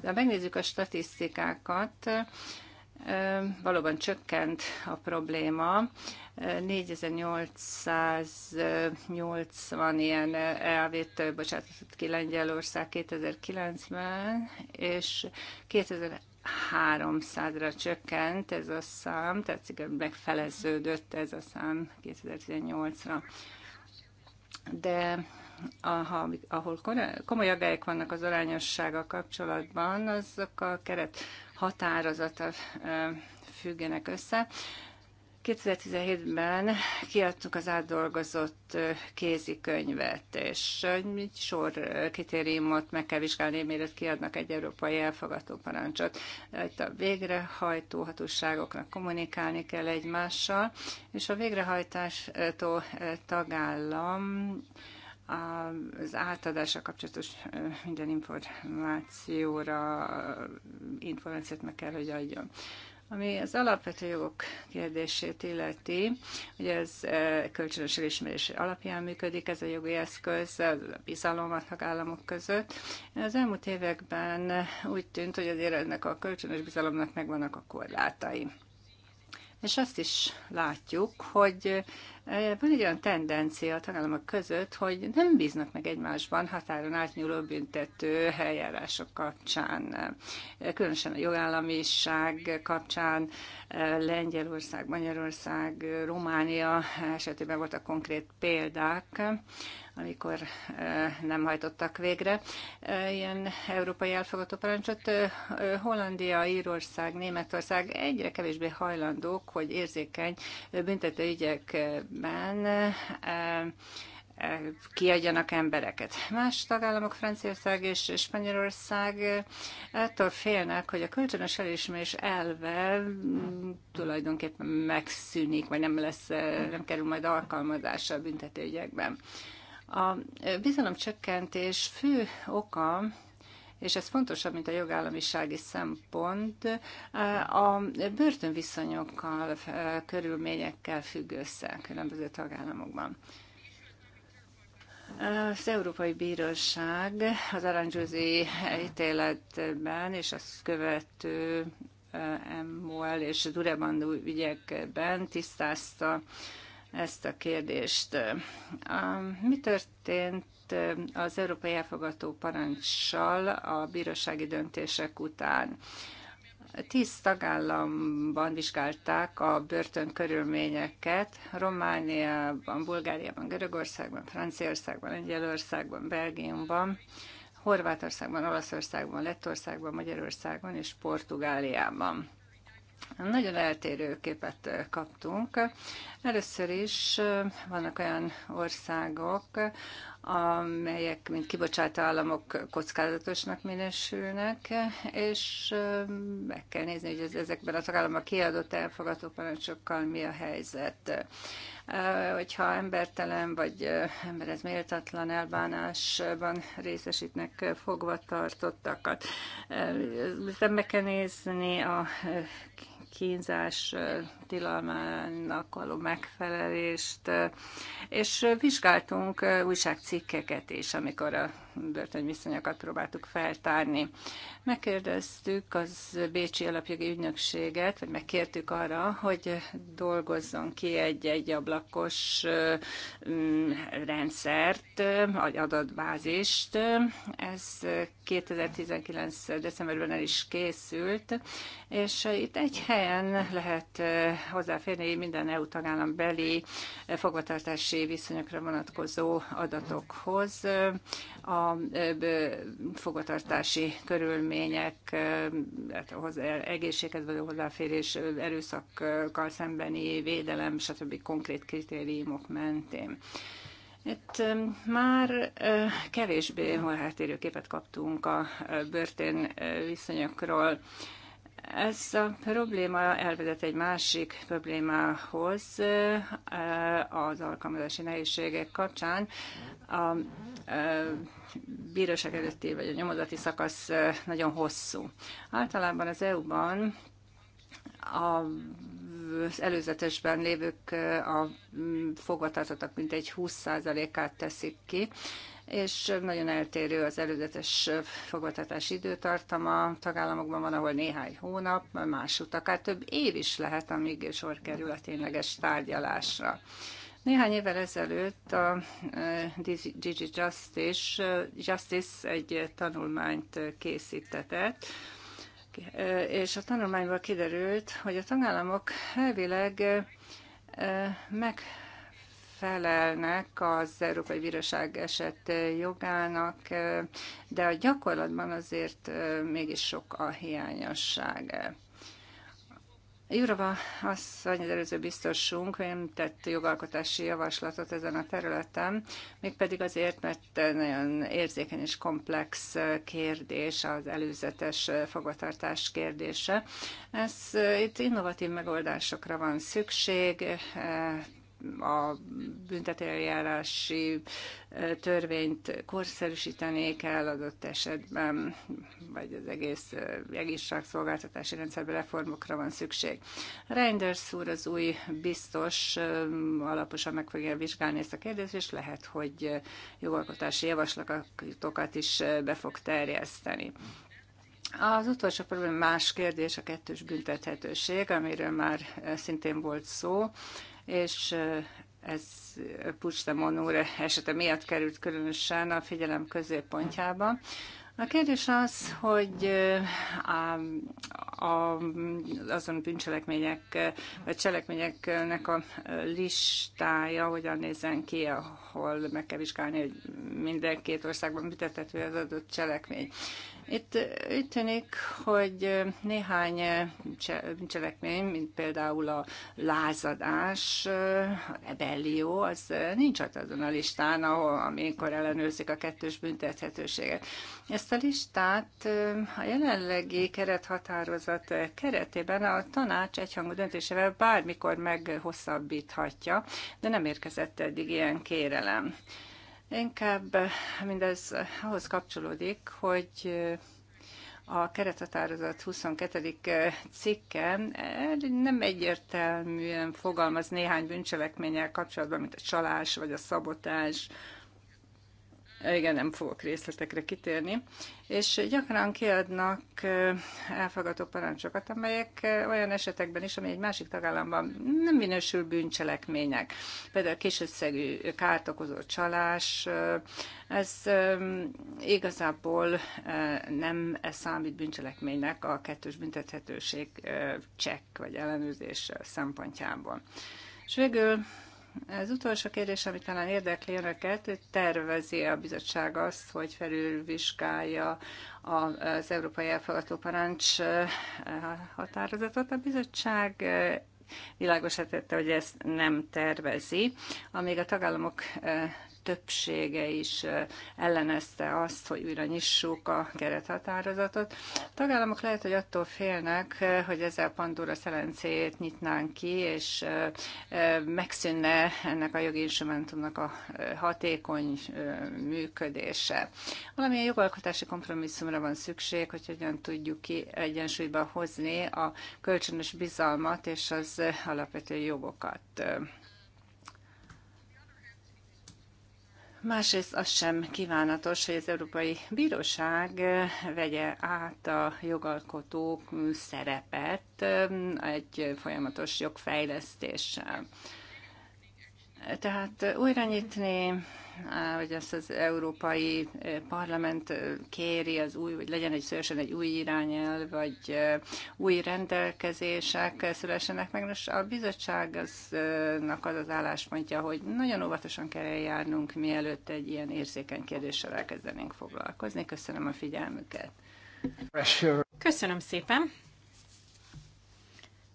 De ha megnézzük a statisztikákat, valóban csökkent a probléma. 4880 ilyen elvét bocsátott ki Lengyelország 2009-ben, és 2300-ra csökkent ez a szám, tehát megfeleződött ez a szám 2018-ra. De aha, ahol komoly agályok vannak az arányossága kapcsolatban, azok a keret határozata függenek össze. 2017-ben kiadtuk az átdolgozott kézikönyvet, és egy sor kritériumot meg kell vizsgálni, mielőtt kiadnak egy európai elfogadó parancsot. Itt a végrehajtó hatóságoknak kommunikálni kell egymással, és a végrehajtástól tagállam az átadásra kapcsolatos minden információra, információt meg kell, hogy adjon. Ami az alapvető jogok kérdését illeti, ugye ez kölcsönös elismerés alapján működik ez a jogi eszköz, a bizalom a tagállamok között. Az elmúlt években úgy tűnt, hogy azért ennek a kölcsönös bizalomnak megvannak a korlátai. És azt is látjuk, hogy van egy olyan tendencia a tagállamok között, hogy nem bíznak meg egymásban határon átnyúló büntető eljárások kapcsán, különösen a jogállamiság kapcsán, Lengyelország, Magyarország, Románia esetében voltak konkrét példák, amikor nem hajtottak végre ilyen európai elfogadó parancsot. Hollandia, Írország, Németország egyre kevésbé hajlandók, hogy érzékeny büntetőügyekben kiadjanak embereket. Más tagállamok, Franciaország és Spanyolország attól félnek, hogy a kölcsönös elismerés elve tulajdonképpen megszűnik, vagy nem lesz, nem kerül majd alkalmazásra a büntetőügyekben. A bizalomcsökkentés fő oka és ez fontosabb, mint a jogállamisági szempont, a börtönviszonyokkal, körülményekkel függ össze különböző tagállamokban. Az Európai Bíróság az Aranyzsúzi ítéletben és azt követő eh, MOL és Durebandú ügyekben tisztázta ezt a kérdést. Mi történt az Európai Elfogató Parancssal a bírósági döntések után? Tíz tagállamban vizsgálták a börtönkörülményeket, Romániában, Bulgáriában, Görögországban, Franciaországban, Lengyelországban, Belgiumban, Horvátországban, Olaszországban, Lettországban, Magyarországon és Portugáliában. Nagyon eltérő képet kaptunk. Először is vannak olyan országok, amelyek, mint kibocsátó államok kockázatosnak minősülnek, és meg kell nézni, hogy ezekben a tagállamok kiadott elfogadó parancsokkal mi a helyzet. Eh, hogyha embertelen vagy eh, emberhez méltatlan elbánásban részesítnek eh, fogvatartottakat. Szembe kell nézni a kínzás tilalmának való megfelelést, és vizsgáltunk újságcikkeket is, amikor a börtönviszonyokat próbáltuk feltárni. Megkérdeztük az Bécsi Alapjogi Ügynökséget, vagy megkértük arra, hogy dolgozzon ki egy egyablakos mm, rendszert, vagy adatbázist. Ez 2019. decemberben el is készült, és itt egy helyen lehet hozzáférni minden EU tagállam beli fogvatartási viszonyokra vonatkozó adatokhoz. A fogvatartási körülmények, hát egészséghez való hozzáférés, erőszakkal szembeni védelem, stb. konkrét kritériumok mentén. Itt már kevésbé eltérő képet kaptunk a börtén viszonyokról. Ez a probléma elvezet egy másik problémához az alkalmazási nehézségek kapcsán. A bíróság előtti vagy a nyomozati szakasz nagyon hosszú. Általában az EU-ban az előzetesben lévők a fogvatartottak mintegy 20%-át teszik ki, és nagyon eltérő az előzetes fogadhatás időtartama. Tagállamokban van, ahol néhány hónap, másút akár több év is lehet, amíg sor kerül a tényleges tárgyalásra. Néhány évvel ezelőtt a Digi Justice, Justice egy tanulmányt készítetett, és a tanulmányból kiderült, hogy a tagállamok elvileg meg felelnek az Európai Bíróság eset jogának, de a gyakorlatban azért mégis sok a hiányosság. Jurova asszony, az előző biztosunk nem tett jogalkotási javaslatot ezen a területen, mégpedig azért, mert nagyon érzékeny és komplex kérdés az előzetes fogvatartás kérdése. Ez, itt innovatív megoldásokra van szükség, a büntetőjárási törvényt korszerűsíteni kell adott esetben, vagy az egész egészségszolgáltatási rendszerben reformokra van szükség. Reinders úr az új biztos alaposan meg fogja vizsgálni ezt a kérdést, és lehet, hogy jogalkotási javaslatokat is be fog terjeszteni. Az utolsó probléma más kérdés, a kettős büntethetőség, amiről már szintén volt szó és ez Puigdemont úr esete miatt került különösen a figyelem középpontjába. A kérdés az, hogy a, a, azon bűncselekmények, vagy cselekményeknek a listája hogyan nézzen ki, ahol meg kell vizsgálni, hogy minden két országban büntethető az adott cselekmény. Itt úgy tűnik, hogy néhány cselekmény, mint például a lázadás, a rebellió, az nincs ott azon a listán, ahol, amikor ellenőrzik a kettős büntethetőséget. Ezt a listát a jelenlegi kerethatározat keretében a tanács egyhangú döntésével bármikor meghosszabbíthatja, de nem érkezett eddig ilyen kérelem. Inkább mindez ahhoz kapcsolódik, hogy a kerethatározat 22. cikke nem egyértelműen fogalmaz néhány bűncselekménnyel kapcsolatban, mint a csalás vagy a szabotás, igen, nem fogok részletekre kitérni, és gyakran kiadnak elfogadó parancsokat, amelyek olyan esetekben is, ami egy másik tagállamban nem minősül bűncselekmények. Például kisösszegű kárt okozó csalás, ez igazából nem e számít bűncselekménynek a kettős büntethetőség csekk vagy ellenőrzés szempontjából. És végül az utolsó kérdés, amit talán érdekli önöket, tervezi a bizottság azt, hogy felülvizsgálja az Európai Elfogató Parancs eh, határozatot. A bizottság eh, Világosatette, hogy ezt nem tervezi. Amíg a tagállamok eh, többsége is ellenezte azt, hogy újra nyissuk a kerethatározatot. A tagállamok lehet, hogy attól félnek, hogy ezzel Pandora szelencét nyitnánk ki, és megszűnne ennek a jogi instrumentumnak a hatékony működése. Valamilyen jogalkotási kompromisszumra van szükség, hogy hogyan tudjuk ki egyensúlyba hozni a kölcsönös bizalmat és az alapvető jogokat. Másrészt az sem kívánatos, hogy az Európai Bíróság eh, vegye át a jogalkotók mm, szerepet eh, egy folyamatos jogfejlesztéssel. Tehát újra nyitni, hogy ezt az Európai Parlament kéri, az új, hogy legyen egy szörösen egy új irányel, vagy új rendelkezések szülessenek meg. Nos, a bizottságnak az az álláspontja, hogy nagyon óvatosan kell eljárnunk, mielőtt egy ilyen érzékeny kérdéssel elkezdenénk foglalkozni. Köszönöm a figyelmüket. Köszönöm szépen.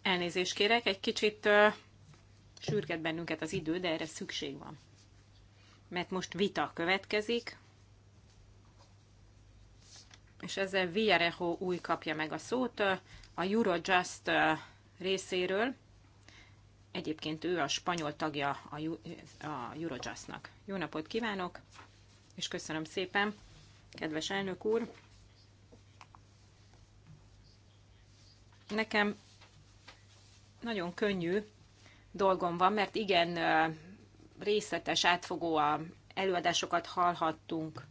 Elnézést kérek, egy kicsit sürget bennünket az idő, de erre szükség van. Mert most vita következik, és ezzel Villarejo új kapja meg a szót a Eurojust részéről. Egyébként ő a spanyol tagja a Eurojustnak. Jó napot kívánok, és köszönöm szépen, kedves elnök úr! Nekem nagyon könnyű dolgom van, mert igen részletes, átfogó a előadásokat hallhattunk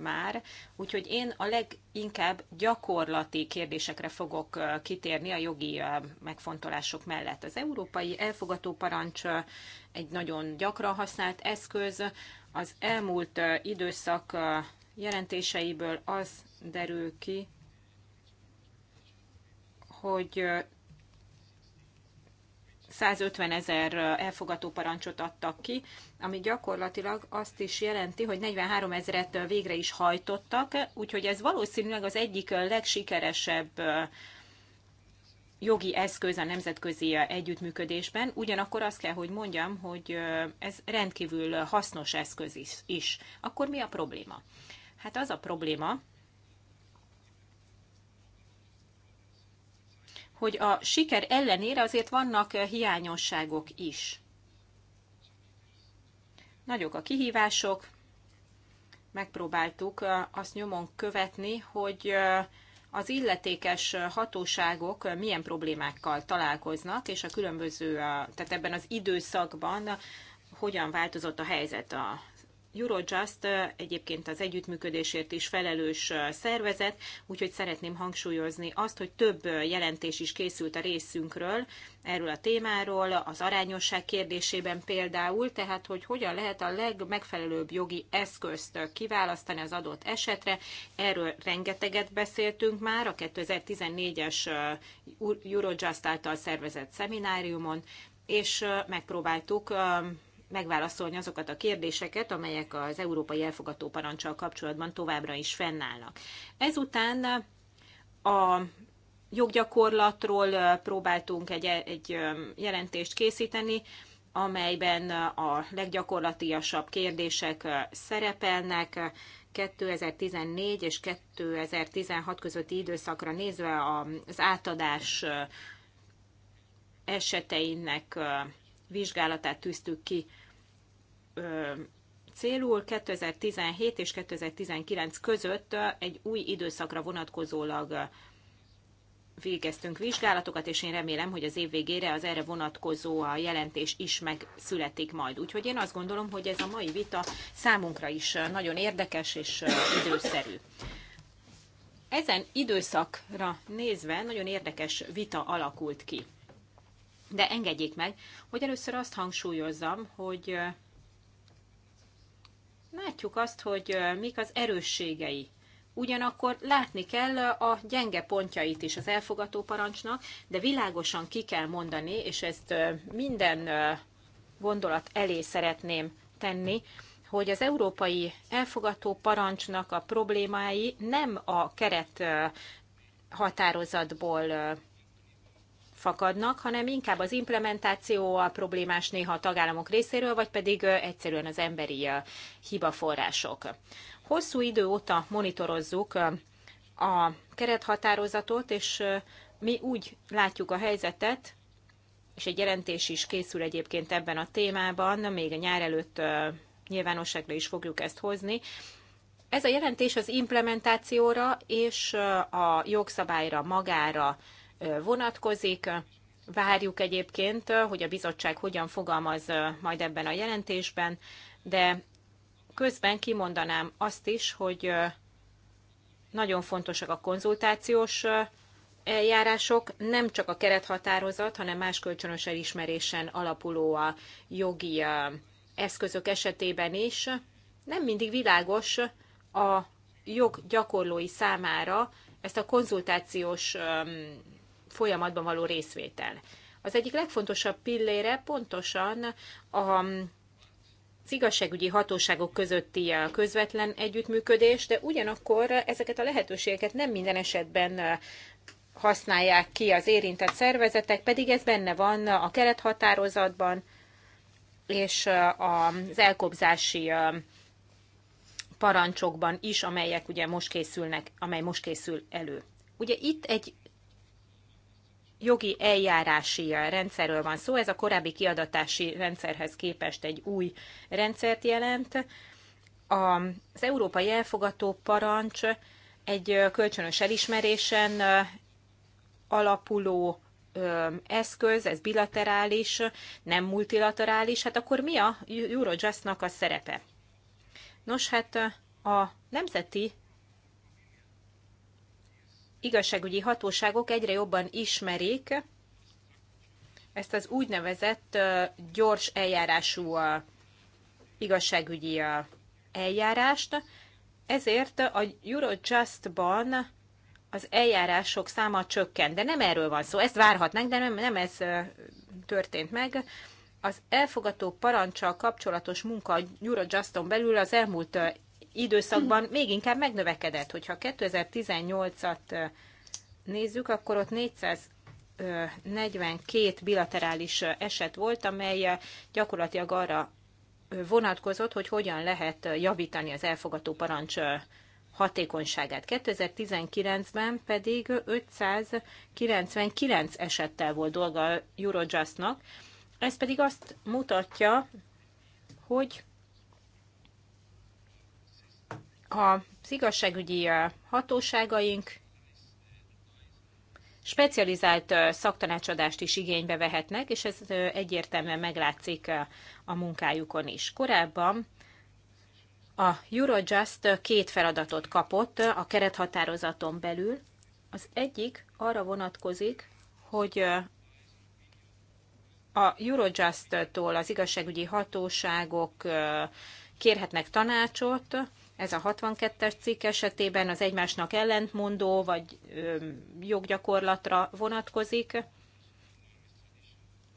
már, úgyhogy én a leginkább gyakorlati kérdésekre fogok kitérni a jogi megfontolások mellett. Az európai elfogató parancs egy nagyon gyakran használt eszköz. Az elmúlt időszak jelentéseiből az derül ki, hogy 150 ezer elfogató parancsot adtak ki, ami gyakorlatilag azt is jelenti, hogy 43 ezeret végre is hajtottak, úgyhogy ez valószínűleg az egyik legsikeresebb jogi eszköz a nemzetközi együttműködésben, ugyanakkor azt kell, hogy mondjam, hogy ez rendkívül hasznos eszköz is. Akkor mi a probléma? Hát az a probléma, hogy a siker ellenére azért vannak eh, hiányosságok is. Nagyok a kihívások, megpróbáltuk eh, azt nyomon követni, hogy eh, az illetékes hatóságok milyen problémákkal találkoznak, és a különböző, tehát ebben az időszakban hogyan változott a helyzet a Eurojust egyébként az együttműködésért is felelős szervezet, úgyhogy szeretném hangsúlyozni azt, hogy több jelentés is készült a részünkről erről a témáról, az arányosság kérdésében például, tehát hogy hogyan lehet a legmegfelelőbb jogi eszközt kiválasztani az adott esetre. Erről rengeteget beszéltünk már a 2014-es Eurojust által szervezett szemináriumon, és megpróbáltuk megválaszolni azokat a kérdéseket, amelyek az európai elfogató parancsal kapcsolatban továbbra is fennállnak. Ezután a joggyakorlatról próbáltunk egy, e, egy jelentést készíteni, amelyben a leggyakorlatiasabb kérdések szerepelnek. 2014 és 2016 közötti időszakra nézve az átadás eseteinek vizsgálatát tűztük ki célul 2017 és 2019 között egy új időszakra vonatkozólag végeztünk vizsgálatokat, és én remélem, hogy az év végére az erre vonatkozó a jelentés is megszületik majd. Úgyhogy én azt gondolom, hogy ez a mai vita számunkra is nagyon érdekes és időszerű. Ezen időszakra nézve nagyon érdekes vita alakult ki. De engedjék meg, hogy először azt hangsúlyozzam, hogy látjuk azt, hogy mik az erősségei. Ugyanakkor látni kell a gyenge pontjait is az elfogató parancsnak, de világosan ki kell mondani, és ezt minden gondolat elé szeretném tenni, hogy az európai elfogató parancsnak a problémái nem a keret határozatból fakadnak, hanem inkább az implementáció a problémás néha a tagállamok részéről, vagy pedig egyszerűen az emberi hibaforrások. Hosszú idő óta monitorozzuk a kerethatározatot, és mi úgy látjuk a helyzetet, és egy jelentés is készül egyébként ebben a témában, még a nyár előtt nyilvánosságra is fogjuk ezt hozni. Ez a jelentés az implementációra és a jogszabályra magára vonatkozik. Várjuk egyébként, hogy a bizottság hogyan fogalmaz majd ebben a jelentésben, de közben kimondanám azt is, hogy nagyon fontosak a konzultációs eljárások, nem csak a kerethatározat, hanem más kölcsönös elismerésen alapuló a jogi eszközök esetében is. Nem mindig világos a joggyakorlói számára ezt a konzultációs folyamatban való részvétel. Az egyik legfontosabb pillére pontosan a az igazságügyi hatóságok közötti eh, közvetlen együttműködés, de ugyanakkor ezeket a lehetőségeket nem minden esetben eh, használják ki az érintett szervezetek, pedig ez benne van a kerethatározatban és eh, az elkobzási parancsokban is, amelyek ugye most készülnek, amely most készül elő. Ugye itt egy jogi eljárási rendszerről van szó, ez a korábbi kiadatási rendszerhez képest egy új rendszert jelent. Az európai elfogató parancs egy kölcsönös elismerésen alapuló eszköz, ez bilaterális, nem multilaterális, hát akkor mi a Eurojustnak a szerepe? Nos, hát a nemzeti igazságügyi hatóságok egyre jobban ismerik ezt az úgynevezett gyors eljárású igazságügyi eljárást, ezért a Eurojust-ban az eljárások száma csökken, de nem erről van szó, ezt várhatnánk, de nem, nem ez történt meg. Az elfogató parancsal kapcsolatos munka Eurojuston belül az elmúlt időszakban még inkább megnövekedett. Hogyha 2018-at nézzük, akkor ott 42 bilaterális eset volt, amely gyakorlatilag arra vonatkozott, hogy hogyan lehet javítani az elfogató parancs hatékonyságát. 2019-ben pedig 599 esettel volt dolga Eurojustnak, ez pedig azt mutatja, hogy az igazságügyi hatóságaink specializált szaktanácsadást is igénybe vehetnek, és ez egyértelműen meglátszik a munkájukon is. Korábban a Eurojust két feladatot kapott a kerethatározaton belül. Az egyik arra vonatkozik, hogy a Eurojust-tól az igazságügyi hatóságok kérhetnek tanácsot ez a 62-es cikk esetében az egymásnak ellentmondó vagy joggyakorlatra vonatkozik.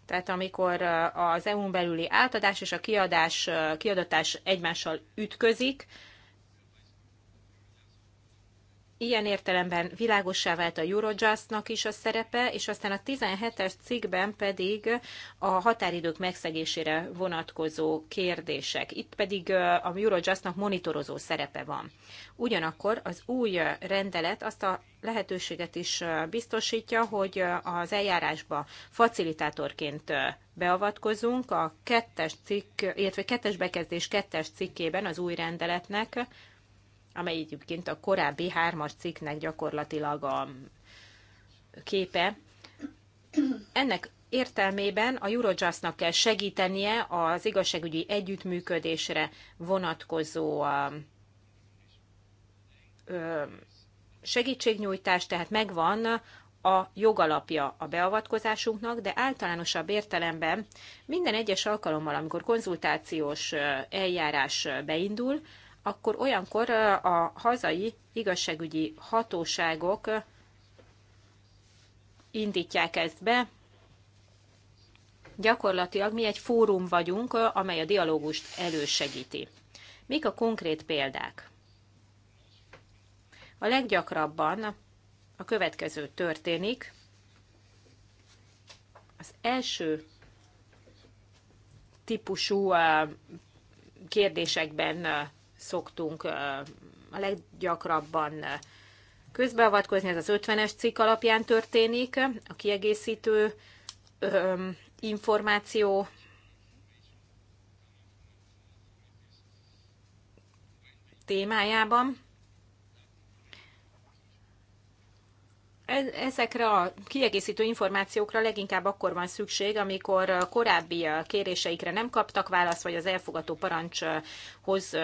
Tehát amikor az EU-n belüli átadás és a kiadás, kiadatás egymással ütközik, ilyen értelemben világossá vált a Eurojustnak is a szerepe, és aztán a 17-es cikkben pedig a határidők megszegésére vonatkozó kérdések. Itt pedig a Eurojustnak monitorozó szerepe van. Ugyanakkor az új rendelet azt a lehetőséget is biztosítja, hogy az eljárásba facilitátorként beavatkozunk a kettes cikk, illetve kettes bekezdés kettes cikkében az új rendeletnek, amely egyébként a korábbi hármas cikknek gyakorlatilag a képe. Ennek értelmében a Eurojustnak kell segítenie az igazságügyi együttműködésre vonatkozó segítségnyújtás, tehát megvan a jogalapja a beavatkozásunknak, de általánosabb értelemben minden egyes alkalommal, amikor konzultációs eljárás beindul, akkor olyankor a hazai igazságügyi hatóságok indítják ezt be. Gyakorlatilag mi egy fórum vagyunk, amely a dialógust elősegíti. Mik a konkrét példák? A leggyakrabban a következő történik. Az első típusú kérdésekben szoktunk a leggyakrabban közbeavatkozni, ez az 50-es cikk alapján történik, a kiegészítő információ témájában. Ezekre a kiegészítő információkra leginkább akkor van szükség, amikor korábbi uh, kéréseikre nem kaptak választ, vagy az elfogató parancshoz uh,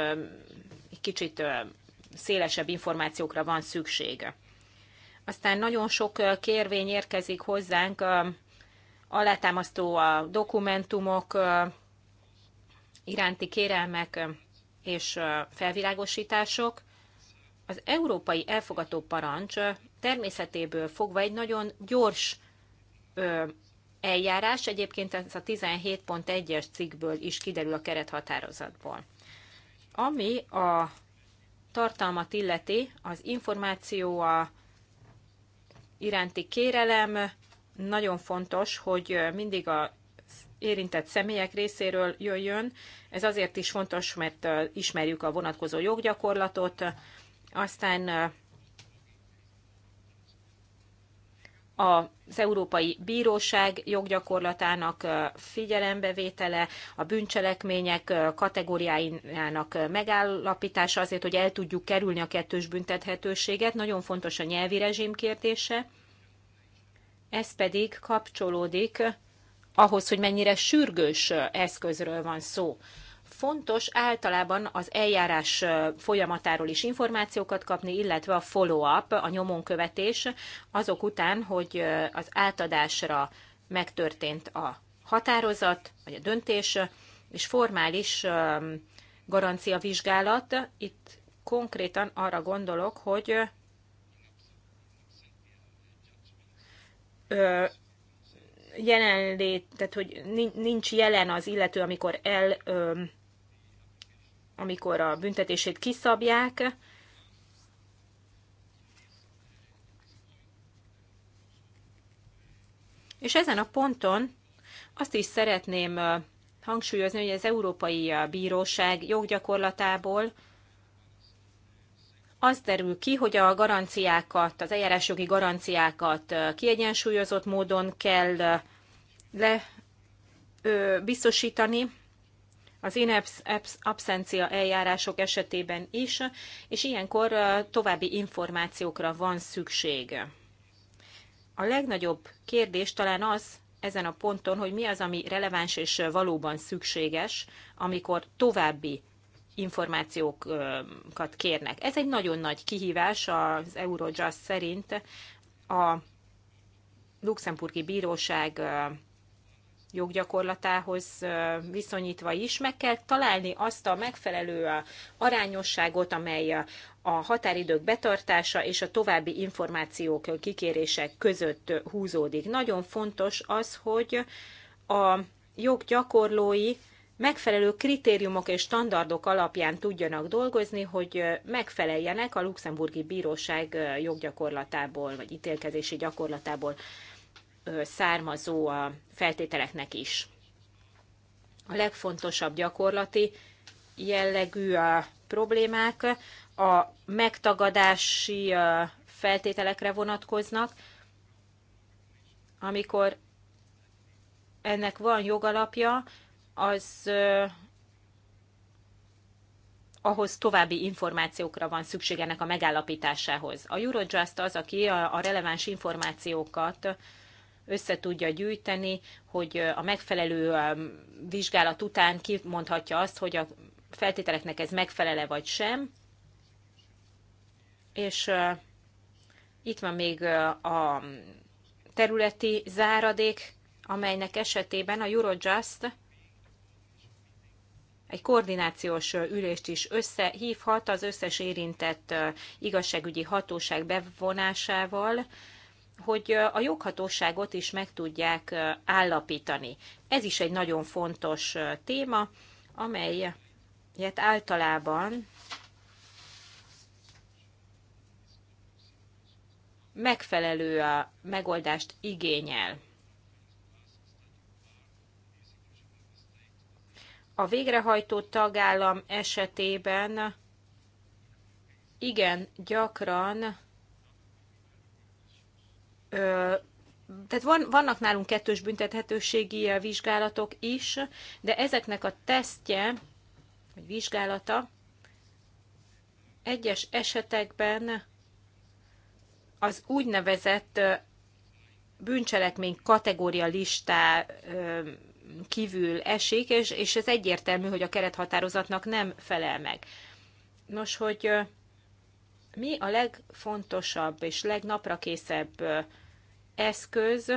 egy kicsit uh, szélesebb információkra van szükség. Aztán nagyon sok kérvény érkezik hozzánk, alátámasztó a dokumentumok iránti kérelmek és felvilágosítások, az európai elfogató parancs természetéből fogva egy nagyon gyors eljárás, egyébként ez a 17.1-es cikkből is kiderül a kerethatározatból. Ami a tartalmat illeti, az információ a iránti kérelem, nagyon fontos, hogy mindig a érintett személyek részéről jöjjön. Ez azért is fontos, mert ismerjük a vonatkozó joggyakorlatot, aztán az Európai Bíróság joggyakorlatának figyelembevétele, a bűncselekmények kategóriáinának megállapítása azért, hogy el tudjuk kerülni a kettős büntethetőséget. Nagyon fontos a nyelvi rezsim kérdése. Ez pedig kapcsolódik ahhoz, hogy mennyire sürgős eszközről van szó fontos általában az eljárás folyamatáról is információkat kapni, illetve a follow-up, a nyomonkövetés azok után, hogy az átadásra megtörtént a határozat, vagy a döntés, és formális garancia vizsgálat. Itt konkrétan arra gondolok, hogy jelenlét, tehát hogy nincs jelen az illető, amikor el amikor a büntetését kiszabják, És ezen a ponton azt is szeretném hangsúlyozni, hogy az Európai Bíróság joggyakorlatából az derül ki, hogy a garanciákat, az eljárásjogi garanciákat kiegyensúlyozott módon kell le biztosítani, az in eljárások esetében is, és ilyenkor további információkra van szükség. A legnagyobb kérdés talán az ezen a ponton, hogy mi az, ami releváns és valóban szükséges, amikor további információkat kérnek. Ez egy nagyon nagy kihívás az Eurojust szerint a luxemburgi bíróság joggyakorlatához viszonyítva is, meg kell találni azt a megfelelő arányosságot, amely a határidők betartása és a további információk kikérések között húzódik. Nagyon fontos az, hogy a joggyakorlói megfelelő kritériumok és standardok alapján tudjanak dolgozni, hogy megfeleljenek a luxemburgi bíróság joggyakorlatából, vagy ítélkezési gyakorlatából származó a feltételeknek is. A legfontosabb gyakorlati jellegű a problémák a megtagadási feltételekre vonatkoznak, amikor ennek van jogalapja, az ahhoz további információkra van szükségenek a megállapításához. A Eurojust az, aki a, a releváns információkat össze tudja gyűjteni, hogy a megfelelő vizsgálat után kimondhatja azt, hogy a feltételeknek ez megfelele vagy sem. És itt van még a területi záradék, amelynek esetében a Eurojust egy koordinációs ülést is összehívhat az összes érintett igazságügyi hatóság bevonásával, hogy a joghatóságot is meg tudják állapítani. Ez is egy nagyon fontos téma, amelyet általában megfelelő a megoldást igényel. A végrehajtó tagállam esetében igen gyakran tehát van, vannak nálunk kettős büntethetőségi vizsgálatok is, de ezeknek a tesztje, vagy vizsgálata egyes esetekben az úgynevezett bűncselekmény kategória listá kívül esik, és, és ez egyértelmű, hogy a kerethatározatnak nem felel meg. Nos, hogy mi a legfontosabb és legnaprakészebb eszköz,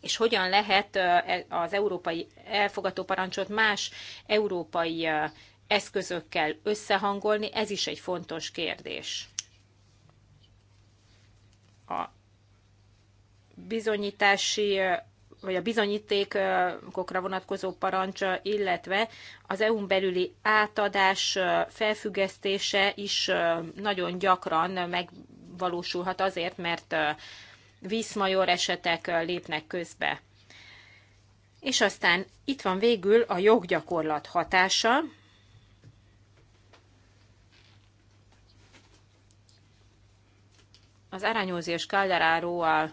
és hogyan lehet e, az európai elfogató parancsot más európai eszközökkel összehangolni, ez is egy fontos kérdés. A bizonyítási vagy a bizonyítékokra vonatkozó parancs, illetve az EU-n belüli átadás felfüggesztése is nagyon gyakran megvalósulhat azért, mert vízmajor esetek lépnek közbe. És aztán itt van végül a joggyakorlat hatása. Az arányózés és Calderáróval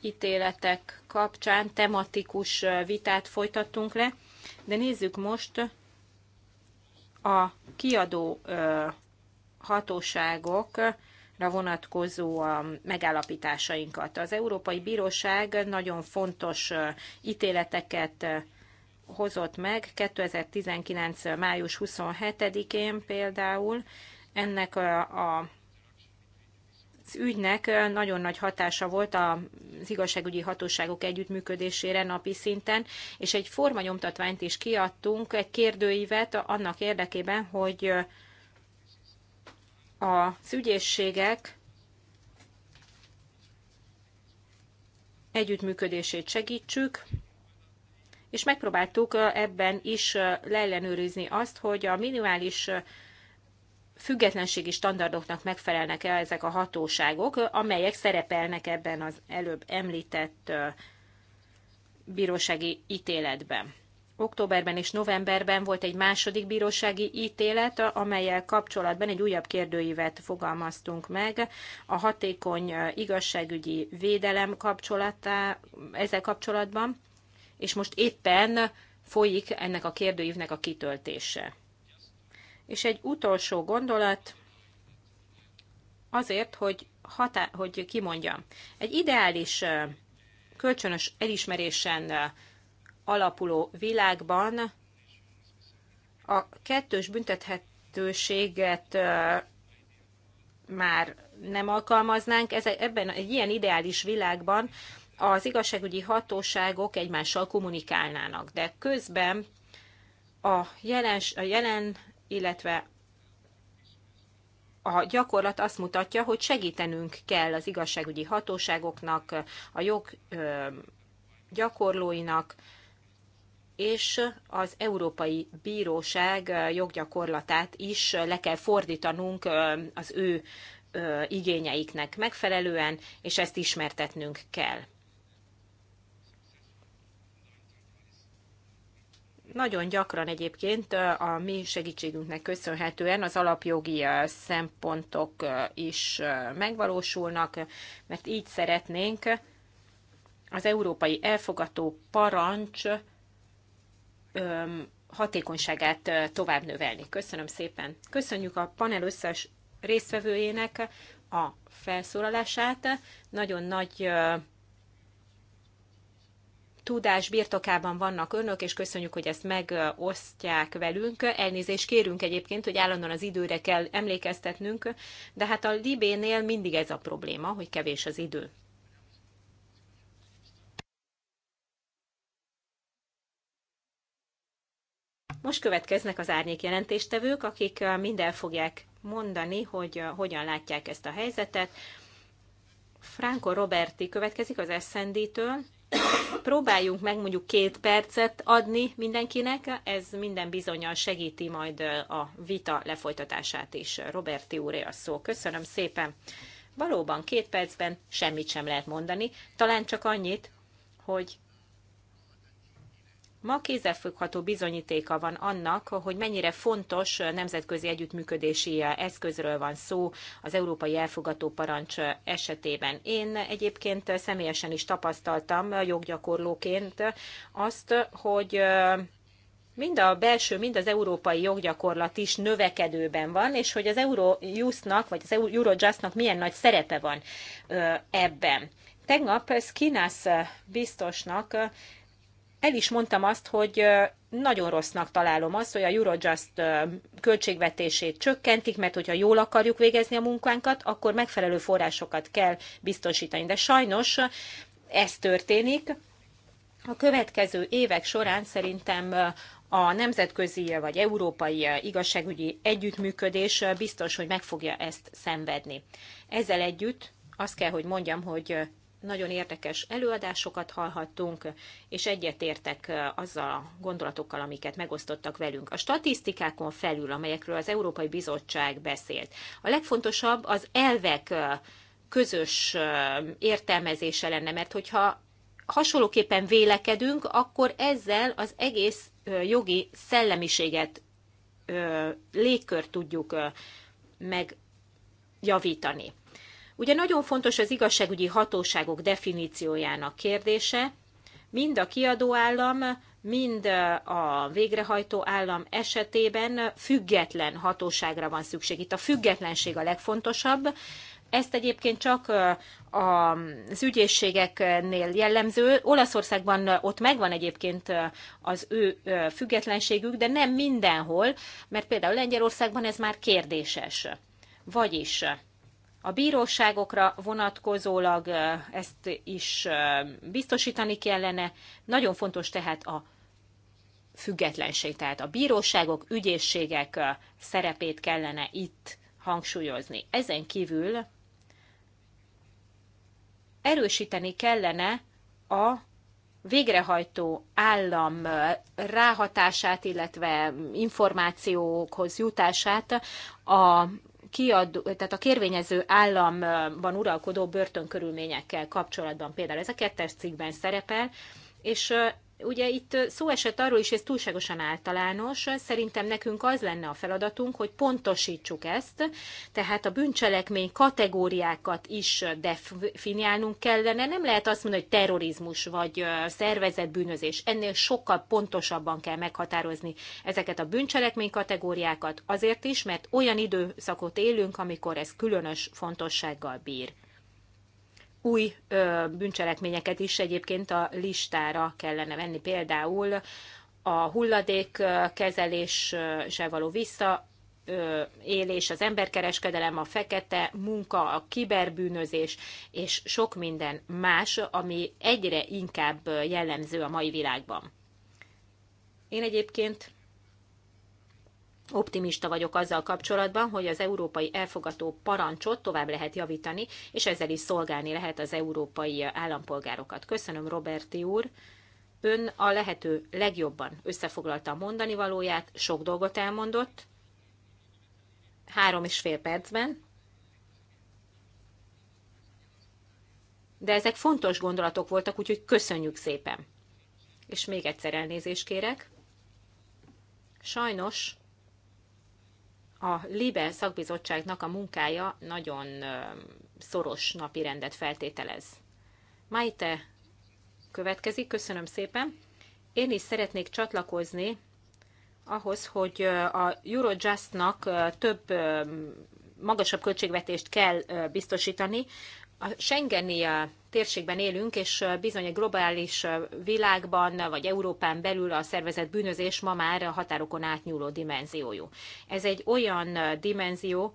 ítéletek kapcsán tematikus vitát folytattunk le, de nézzük most a kiadó hatóságok vonatkozó megállapításainkat. Az Európai Bíróság nagyon fontos ítéleteket hozott meg 2019. május 27-én például ennek a ügynek nagyon nagy hatása volt az igazságügyi hatóságok együttműködésére napi szinten, és egy formanyomtatványt is kiadtunk, egy kérdőívet annak érdekében, hogy az ügyészségek együttműködését segítsük, és megpróbáltuk ebben is leellenőrizni azt, hogy a minimális függetlenségi standardoknak megfelelnek-e ezek a hatóságok, amelyek szerepelnek ebben az előbb említett bírósági ítéletben. Októberben és novemberben volt egy második bírósági ítélet, amelyel kapcsolatban egy újabb kérdőívet fogalmaztunk meg a hatékony igazságügyi védelem kapcsolatá, ezzel kapcsolatban, és most éppen folyik ennek a kérdőívnek a kitöltése. És egy utolsó gondolat, azért, hogy, hatá- hogy kimondjam. Egy ideális kölcsönös elismerésen alapuló világban a kettős büntethetőséget már nem alkalmaznánk. Ez, ebben egy ilyen ideális világban az igazságügyi hatóságok egymással kommunikálnának, de közben a, jelens, a jelen illetve a gyakorlat azt mutatja, hogy segítenünk kell az igazságügyi hatóságoknak, a jog gyakorlóinak, és az Európai Bíróság joggyakorlatát is le kell fordítanunk az ő igényeiknek megfelelően, és ezt ismertetnünk kell. Nagyon gyakran egyébként a mi segítségünknek köszönhetően az alapjogi szempontok is megvalósulnak, mert így szeretnénk az európai elfogató parancs hatékonyságát tovább növelni. Köszönöm szépen. Köszönjük a panel összes résztvevőjének a felszólalását. Nagyon nagy tudás birtokában vannak önök, és köszönjük, hogy ezt megosztják velünk. Elnézést kérünk egyébként, hogy állandóan az időre kell emlékeztetnünk, de hát a Libénél mindig ez a probléma, hogy kevés az idő. Most következnek az árnyék jelentéstevők, akik eh, mind el fogják mondani, hogy eh, hogyan látják ezt a helyzetet. Franco Roberti következik az SND-től próbáljunk meg mondjuk két percet adni mindenkinek, ez minden bizonyal segíti majd a vita lefolytatását is. Roberti úré a szó. Köszönöm szépen. Valóban két percben semmit sem lehet mondani, talán csak annyit, hogy Ma kézzelfogható bizonyítéka van annak, hogy mennyire fontos nemzetközi együttműködési eszközről van szó az európai elfogató parancs esetében. Én egyébként személyesen is tapasztaltam joggyakorlóként azt, hogy mind a belső, mind az európai joggyakorlat is növekedőben van, és hogy az Eurojustnak, vagy az Eurojustnak milyen nagy szerepe van ebben. Tegnap Skinas biztosnak el is mondtam azt, hogy nagyon rossznak találom azt, hogy a Eurojust költségvetését csökkentik, mert hogyha jól akarjuk végezni a munkánkat, akkor megfelelő forrásokat kell biztosítani. De sajnos ez történik. A következő évek során szerintem a nemzetközi vagy európai igazságügyi együttműködés biztos, hogy meg fogja ezt szenvedni. Ezzel együtt azt kell, hogy mondjam, hogy nagyon érdekes előadásokat hallhattunk, és egyetértek azzal a gondolatokkal, amiket megosztottak velünk. A statisztikákon felül, amelyekről az Európai Bizottság beszélt, a legfontosabb az elvek közös értelmezése lenne, mert hogyha hasonlóképpen vélekedünk, akkor ezzel az egész jogi szellemiséget, légkör tudjuk megjavítani. Ugye nagyon fontos az igazságügyi hatóságok definíciójának kérdése, mind a kiadó állam, mind a végrehajtó állam esetében független hatóságra van szükség. Itt a függetlenség a legfontosabb. Ezt egyébként csak az ügyészségeknél jellemző. Olaszországban ott megvan egyébként az ő függetlenségük, de nem mindenhol, mert például Lengyelországban ez már kérdéses. Vagyis a bíróságokra vonatkozólag ezt is biztosítani kellene. Nagyon fontos tehát a függetlenség, tehát a bíróságok, ügyészségek szerepét kellene itt hangsúlyozni. Ezen kívül erősíteni kellene a végrehajtó állam ráhatását, illetve információkhoz jutását a kiadó, tehát a kérvényező államban uralkodó börtönkörülményekkel kapcsolatban például ez a kettes cikkben szerepel, és Ugye itt szó esett arról is, ez túlságosan általános, szerintem nekünk az lenne a feladatunk, hogy pontosítsuk ezt, tehát a bűncselekmény kategóriákat is definiálnunk kellene, nem lehet azt mondani, hogy terrorizmus vagy szervezett bűnözés, ennél sokkal pontosabban kell meghatározni ezeket a bűncselekmény kategóriákat, azért is, mert olyan időszakot élünk, amikor ez különös fontossággal bír új ö, bűncselekményeket is egyébként a listára kellene venni, például a hulladék kezeléssel való vissza élés, az emberkereskedelem, a fekete munka, a kiberbűnözés, és sok minden más, ami egyre inkább jellemző a mai világban. Én egyébként Optimista vagyok azzal kapcsolatban, hogy az európai elfogató parancsot tovább lehet javítani, és ezzel is szolgálni lehet az európai állampolgárokat. Köszönöm, Roberti úr! Ön a lehető legjobban összefoglalta a mondani valóját, sok dolgot elmondott, három és fél percben, de ezek fontos gondolatok voltak, úgyhogy köszönjük szépen. És még egyszer elnézést kérek. Sajnos a LIBE szakbizottságnak a munkája nagyon szoros napirendet feltételez. Maite következik, köszönöm szépen. Én is szeretnék csatlakozni ahhoz, hogy a Eurojustnak több magasabb költségvetést kell biztosítani a Schengeni térségben élünk, és bizony a globális világban, vagy Európán belül a szervezett bűnözés ma már a határokon átnyúló dimenziójú. Ez egy olyan dimenzió,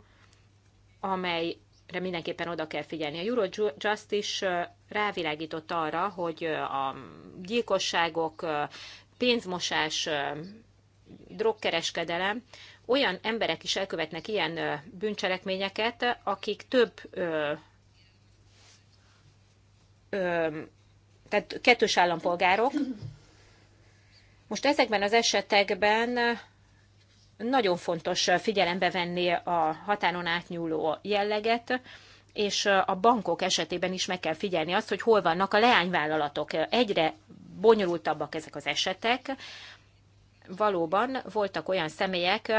amelyre mindenképpen oda kell figyelni. A Eurojust is rávilágított arra, hogy a gyilkosságok, pénzmosás, drogkereskedelem, olyan emberek is elkövetnek ilyen bűncselekményeket, akik több tehát kettős állampolgárok. Most ezekben az esetekben nagyon fontos figyelembe venni a határon átnyúló jelleget, és a bankok esetében is meg kell figyelni azt, hogy hol vannak a leányvállalatok. Egyre bonyolultabbak ezek az esetek. Valóban voltak olyan személyek,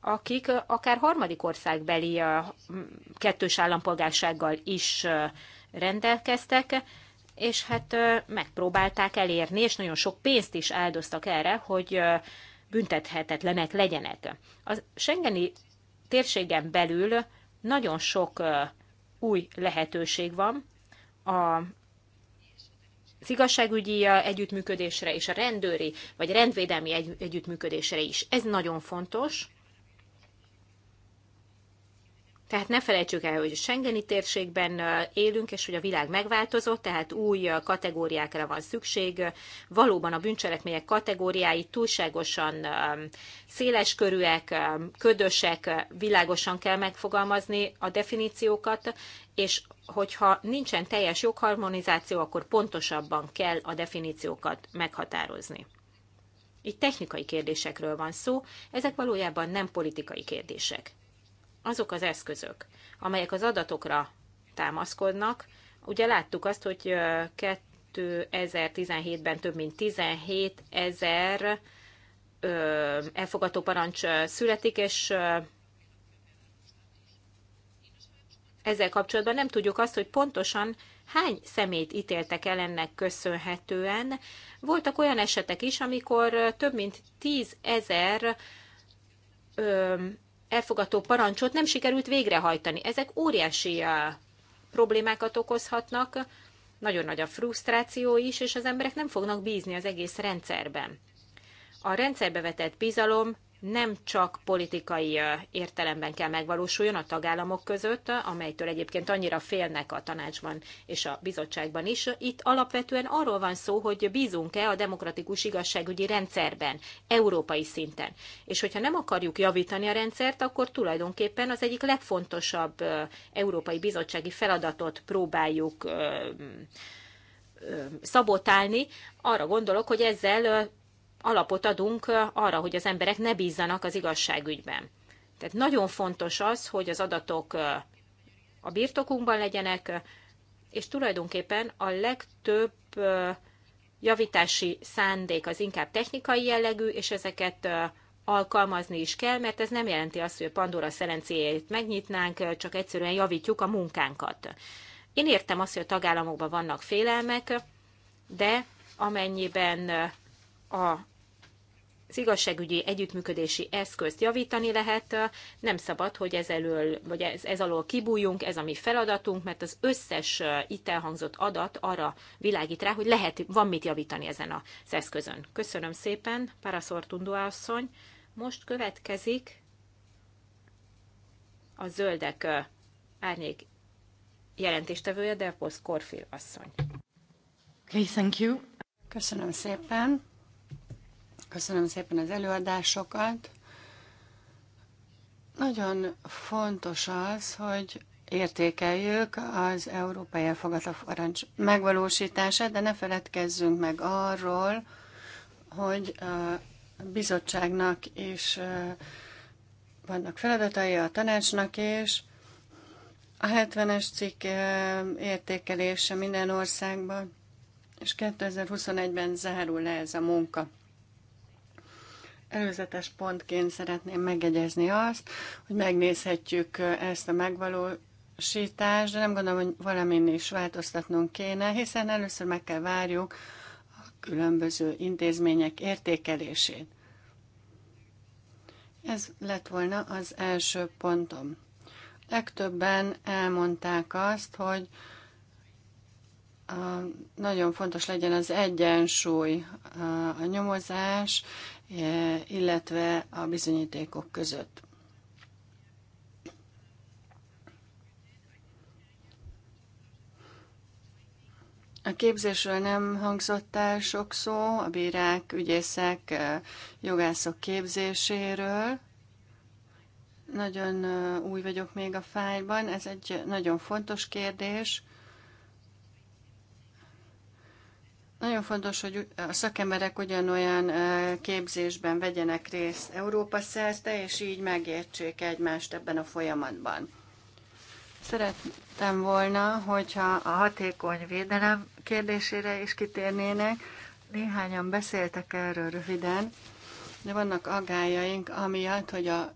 akik akár harmadik országbeli kettős állampolgársággal is rendelkeztek, és hát megpróbálták elérni, és nagyon sok pénzt is áldoztak erre, hogy büntethetetlenek legyenek. A Schengeni térségen belül nagyon sok új lehetőség van a az igazságügyi együttműködésre és a rendőri vagy rendvédelmi együttműködésre is. Ez nagyon fontos. Tehát ne felejtsük el, hogy a Schengeni térségben élünk, és hogy a világ megváltozott, tehát új kategóriákra van szükség. Valóban a bűncselekmények kategóriái túlságosan körűek, ködösek, világosan kell megfogalmazni a definíciókat, és hogyha nincsen teljes jogharmonizáció, akkor pontosabban kell a definíciókat meghatározni. Itt technikai kérdésekről van szó, ezek valójában nem politikai kérdések azok az eszközök, amelyek az adatokra támaszkodnak, ugye láttuk azt, hogy 2017-ben több mint 17 ezer elfogató parancs születik, és ezzel kapcsolatban nem tudjuk azt, hogy pontosan hány szemét ítéltek el ennek köszönhetően. Voltak olyan esetek is, amikor több mint 10 ezer elfogató parancsot nem sikerült végrehajtani. Ezek óriási uh, problémákat okozhatnak, nagyon nagy a frusztráció is, és az emberek nem fognak bízni az egész rendszerben. A rendszerbe vetett bizalom nem csak politikai értelemben kell megvalósuljon a tagállamok között, amelytől egyébként annyira félnek a tanácsban és a bizottságban is. Itt alapvetően arról van szó, hogy bízunk-e a demokratikus igazságügyi rendszerben, európai szinten. És hogyha nem akarjuk javítani a rendszert, akkor tulajdonképpen az egyik legfontosabb európai bizottsági feladatot próbáljuk szabotálni. Arra gondolok, hogy ezzel alapot adunk arra, hogy az emberek ne bízzanak az igazságügyben. Tehát nagyon fontos az, hogy az adatok a birtokunkban legyenek, és tulajdonképpen a legtöbb javítási szándék az inkább technikai jellegű, és ezeket alkalmazni is kell, mert ez nem jelenti azt, hogy a Pandora szelencéjét megnyitnánk, csak egyszerűen javítjuk a munkánkat. Én értem azt, hogy a tagállamokban vannak félelmek, de amennyiben a az igazságügyi együttműködési eszközt javítani lehet, nem szabad, hogy ez, elől, vagy ez, ez alól kibújjunk, ez a mi feladatunk, mert az összes itt elhangzott adat arra világít rá, hogy lehet, van mit javítani ezen az eszközön. Köszönöm szépen, Paraszortundó asszony. Most következik a zöldek árnyék jelentéstevője, Devbos Korfil asszony.
Okay, thank you. Köszönöm szépen. Köszönöm szépen az előadásokat. Nagyon fontos az, hogy értékeljük az Európai Elfogadó Parancs megvalósítását, de ne feledkezzünk meg arról, hogy a bizottságnak is vannak feladatai, a tanácsnak is. A 70-es cikk értékelése minden országban, és 2021-ben zárul le ez a munka. Előzetes pontként szeretném megegyezni azt, hogy megnézhetjük ezt a megvalósítást, de nem gondolom, hogy valamin is változtatnunk kéne, hiszen először meg kell várjuk a különböző intézmények értékelését. Ez lett volna az első pontom. Legtöbben elmondták azt, hogy nagyon fontos legyen az egyensúly, a nyomozás E, illetve a bizonyítékok között. A képzésről nem hangzott el sok szó, a bírák, ügyészek, e, jogászok képzéséről. Nagyon e, új vagyok még a fájban, ez egy nagyon fontos kérdés. Nagyon fontos, hogy a szakemberek ugyanolyan képzésben vegyenek részt Európa szerte, és így megértsék egymást ebben a folyamatban. Szerettem volna, hogyha a hatékony védelem kérdésére is kitérnének. Néhányan beszéltek erről röviden, de vannak agályaink, amiatt, hogy a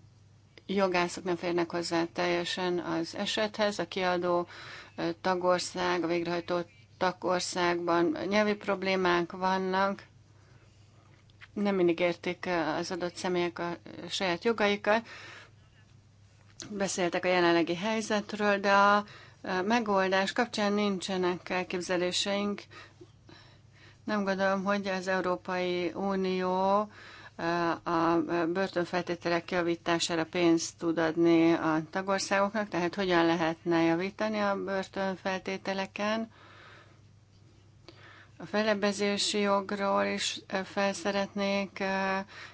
jogászok nem férnek hozzá teljesen az esethez, a kiadó tagország, a végrehajtó Észak-Országban nyelvi problémák vannak, nem mindig értik az adott személyek a saját jogaikat. Beszéltek a jelenlegi helyzetről, de a megoldás kapcsán nincsenek elképzeléseink. Nem gondolom, hogy az Európai Unió eh, a börtönfeltételek javítására pénzt tud adni a tagországoknak, tehát hogyan lehetne javítani a börtönfeltételeken. A felebezési jogról is fel szeretnék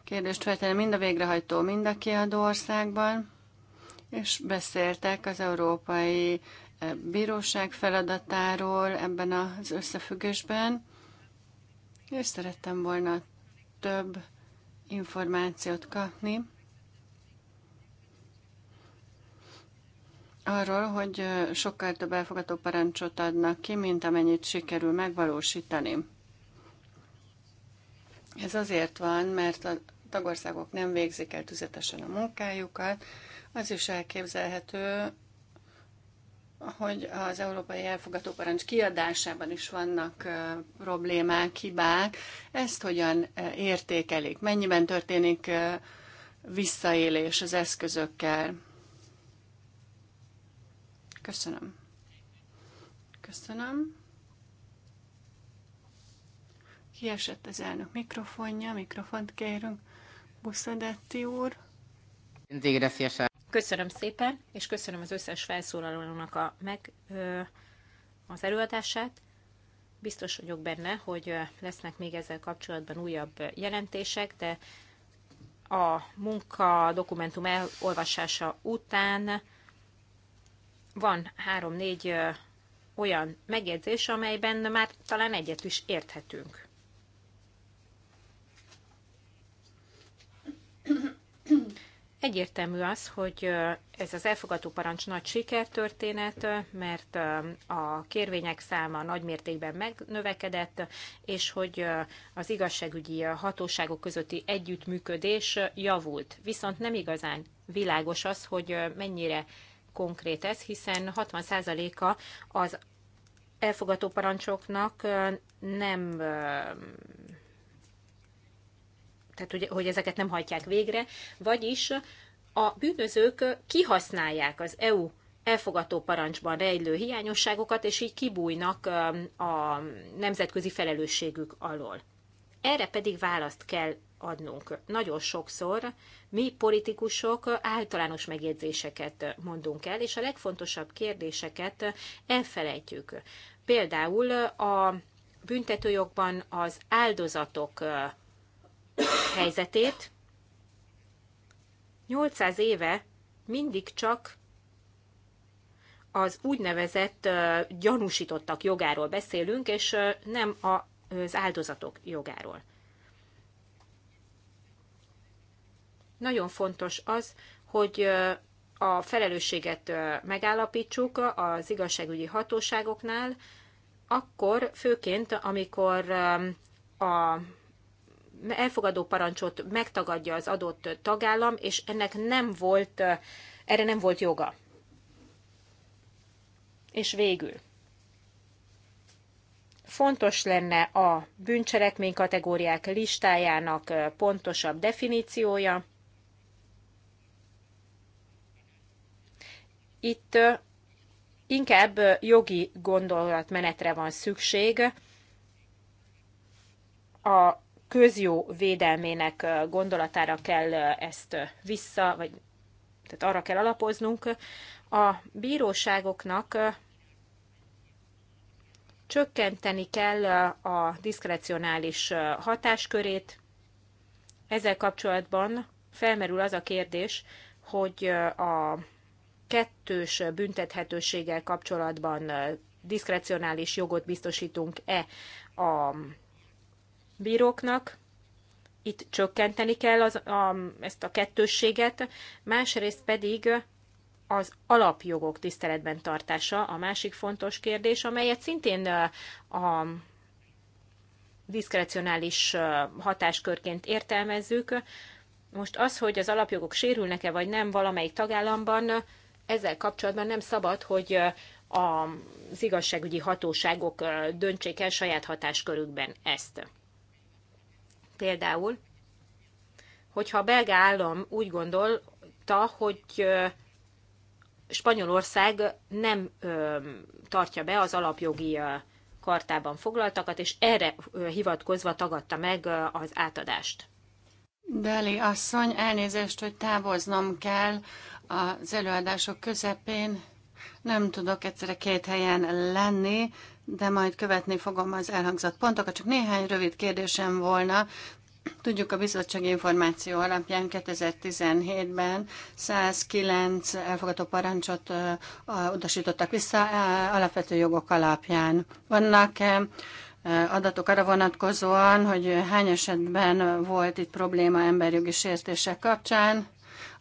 kérdést feltenni mind a végrehajtó, mind a kiadó országban, és beszéltek az Európai Bíróság feladatáról ebben az összefüggésben, és szerettem volna több információt kapni arról, hogy sokkal több elfogadó parancsot adnak ki, mint amennyit sikerül megvalósítani. Ez azért van, mert a tagországok nem végzik el tüzetesen a munkájukat. Az is elképzelhető, hogy az európai elfogadó parancs kiadásában is vannak problémák, hibák. Ezt hogyan értékelik? Mennyiben történik visszaélés az eszközökkel? Köszönöm. Köszönöm. Kiesett az elnök mikrofonja, mikrofont kérünk.
Buszadetti úr. Köszönöm szépen, és köszönöm az összes felszólalónak a meg, ö, az előadását. Biztos vagyok benne, hogy lesznek még ezzel kapcsolatban újabb jelentések, de a munka dokumentum elolvasása után van három-négy olyan megjegyzés, amelyben már talán egyet is érthetünk. Egyértelmű az, hogy ez az elfogadó parancs nagy sikertörténet, mert a kérvények száma nagymértékben megnövekedett, és hogy az igazságügyi hatóságok közötti együttműködés javult. Viszont nem igazán világos az, hogy mennyire konkrét ez, hiszen 60%-a az elfogató parancsoknak nem tehát hogy, hogy ezeket nem hajtják végre, vagyis a bűnözők kihasználják az EU elfogató parancsban rejlő hiányosságokat, és így kibújnak a nemzetközi felelősségük alól. Erre pedig választ kell adnunk. Nagyon sokszor mi politikusok általános megjegyzéseket mondunk el, és a legfontosabb kérdéseket elfelejtjük. Például a büntetőjogban az áldozatok helyzetét 800 éve mindig csak az úgynevezett gyanúsítottak jogáról beszélünk, és nem az áldozatok jogáról. Nagyon fontos az, hogy a felelősséget megállapítsuk az igazságügyi hatóságoknál, akkor főként, amikor a elfogadó parancsot megtagadja az adott tagállam, és ennek nem volt, erre nem volt joga. És végül. Fontos lenne a bűncselekmény kategóriák listájának pontosabb definíciója, Itt inkább jogi gondolatmenetre van szükség, a közjó védelmének gondolatára kell ezt vissza, vagy tehát arra kell alapoznunk. A bíróságoknak csökkenteni kell a diszkrecionális hatáskörét. Ezzel kapcsolatban felmerül az a kérdés, hogy a kettős büntethetőséggel kapcsolatban diszkrecionális jogot biztosítunk-e a bíróknak. Itt csökkenteni kell az, a, ezt a kettősséget, másrészt pedig az alapjogok tiszteletben tartása a másik fontos kérdés, amelyet szintén a diszkrecionális hatáskörként értelmezzük. Most az, hogy az alapjogok sérülnek-e vagy nem valamelyik tagállamban, ezzel kapcsolatban nem szabad, hogy az igazságügyi hatóságok döntsék el saját hatáskörükben ezt. Például, hogyha a belga állam úgy gondolta, hogy Spanyolország nem tartja be az alapjogi kartában foglaltakat, és erre hivatkozva tagadta meg az átadást.
Deli asszony, elnézést, hogy távoznom kell az előadások közepén nem tudok egyszerre két helyen lenni, de majd követni fogom az elhangzott pontokat. Csak néhány rövid kérdésem volna. Tudjuk a bizottság információ alapján 2017-ben 109 elfogadó parancsot utasítottak vissza alapvető jogok alapján. Vannak adatok arra vonatkozóan, hogy hány esetben volt itt probléma emberjogi sértések kapcsán?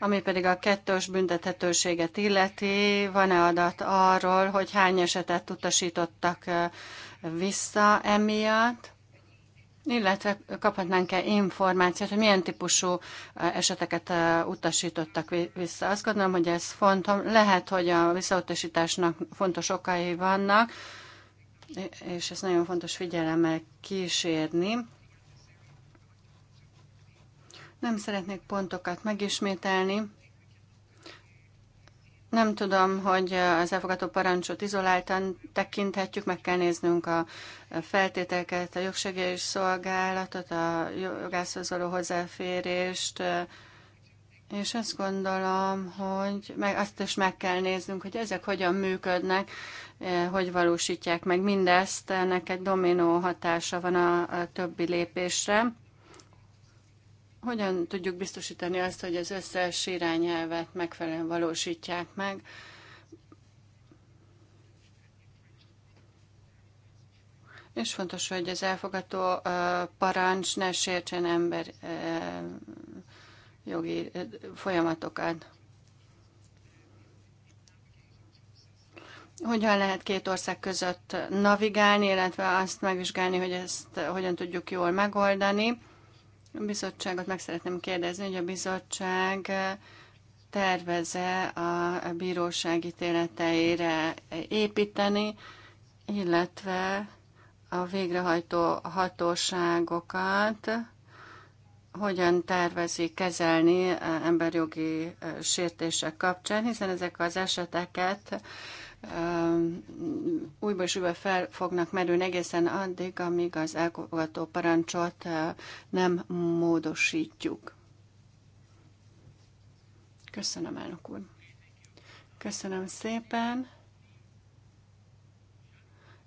Ami pedig a kettős büntethetőséget illeti, van-e adat arról, hogy hány esetet utasítottak vissza emiatt? Illetve kaphatnánk-e információt, hogy milyen típusú eseteket utasítottak vissza? Azt gondolom, hogy ez fontos. Lehet, hogy a visszautasításnak fontos okai vannak, és ezt nagyon fontos figyelemmel kísérni. Nem szeretnék pontokat megismételni. Nem tudom, hogy az elfogadó parancsot izoláltan tekinthetjük, meg kell néznünk a feltételeket, a jogsegélyes szolgálatot, a jogászhoz való hozzáférést, és azt gondolom, hogy meg azt is meg kell néznünk, hogy ezek hogyan működnek, hogy valósítják meg mindezt. Ennek egy dominó hatása van a többi lépésre hogyan tudjuk biztosítani azt, hogy az összes irányelvet megfelelően valósítják meg, És fontos, hogy az elfogadó parancs ne sértsen ember jogi folyamatokat. Hogyan lehet két ország között navigálni, illetve azt megvizsgálni, hogy ezt hogyan tudjuk jól megoldani. A bizottságot meg szeretném kérdezni, hogy a bizottság eh, terveze a bíróság ítéleteire építeni, illetve a végrehajtó hatóságokat hogyan tervezi kezelni eh, emberjogi eh, sértések kapcsán, hiszen ezek az eseteket újból és újból fel fognak merülni egészen addig, amíg az elfogadó parancsot nem módosítjuk. Köszönöm, elnök úr. Köszönöm szépen.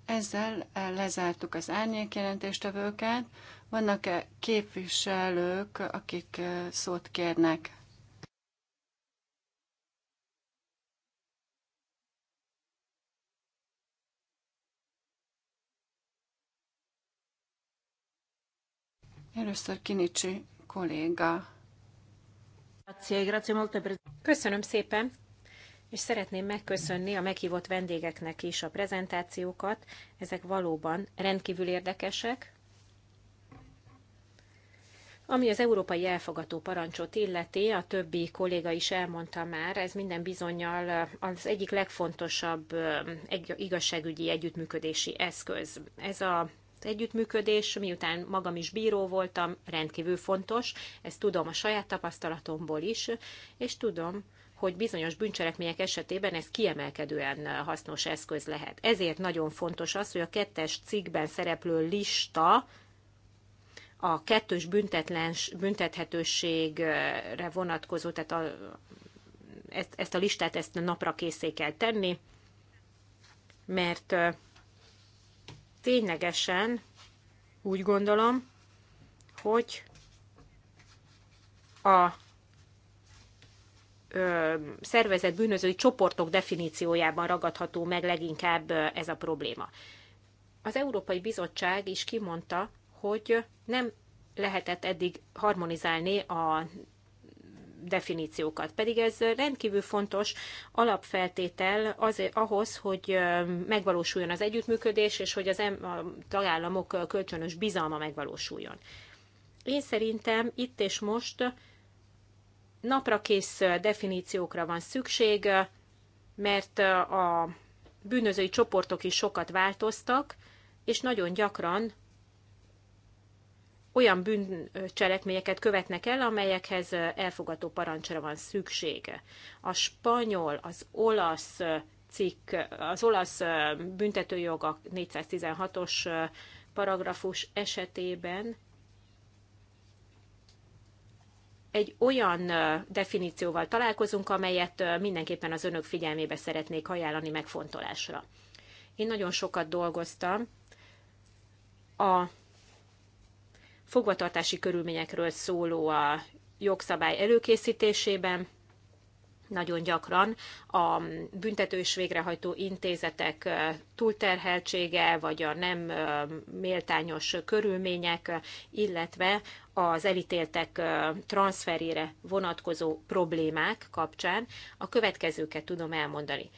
Ezzel lezártuk az árnyékjelentéstevőket. Vannak-e képviselők, akik szót kérnek?
Először Kinicsi kolléga. Köszönöm szépen, és szeretném megköszönni a meghívott vendégeknek is a prezentációkat. Ezek valóban rendkívül érdekesek. Ami az európai elfogató parancsot illeti, a többi kolléga is elmondta már, ez minden bizonyal az egyik legfontosabb igazságügyi együttműködési eszköz. Ez a együttműködés, miután magam is bíró voltam, rendkívül fontos, ezt tudom a saját tapasztalatomból is, és tudom, hogy bizonyos bűncselekmények esetében ez kiemelkedően hasznos eszköz lehet. Ezért nagyon fontos az, hogy a kettes cikkben szereplő lista a kettős büntetlen, büntethetőségre vonatkozó, tehát a, ezt, ezt a listát ezt napra készé kell tenni, mert ténylegesen úgy gondolom, hogy a szervezet bűnözői csoportok definíciójában ragadható meg leginkább ez a probléma. Az Európai Bizottság is kimondta, hogy nem lehetett eddig harmonizálni a definíciókat. Pedig ez rendkívül fontos alapfeltétel az, ahhoz, hogy megvalósuljon az együttműködés, és hogy az em- a tagállamok kölcsönös bizalma megvalósuljon. Én szerintem itt és most naprakész definíciókra van szükség, mert a bűnözői csoportok is sokat változtak, és nagyon gyakran olyan bűncselekményeket követnek el, amelyekhez elfogadó parancsra van szüksége. A spanyol, az olasz cikk, az olasz a 416-os paragrafus esetében egy olyan definícióval találkozunk, amelyet mindenképpen az önök figyelmébe szeretnék ajánlani megfontolásra. Én nagyon sokat dolgoztam a fogvatartási körülményekről szóló a jogszabály előkészítésében. Nagyon gyakran a büntető és végrehajtó intézetek túlterheltsége, vagy a nem méltányos körülmények, illetve az elítéltek transferére vonatkozó problémák kapcsán a következőket tudom elmondani.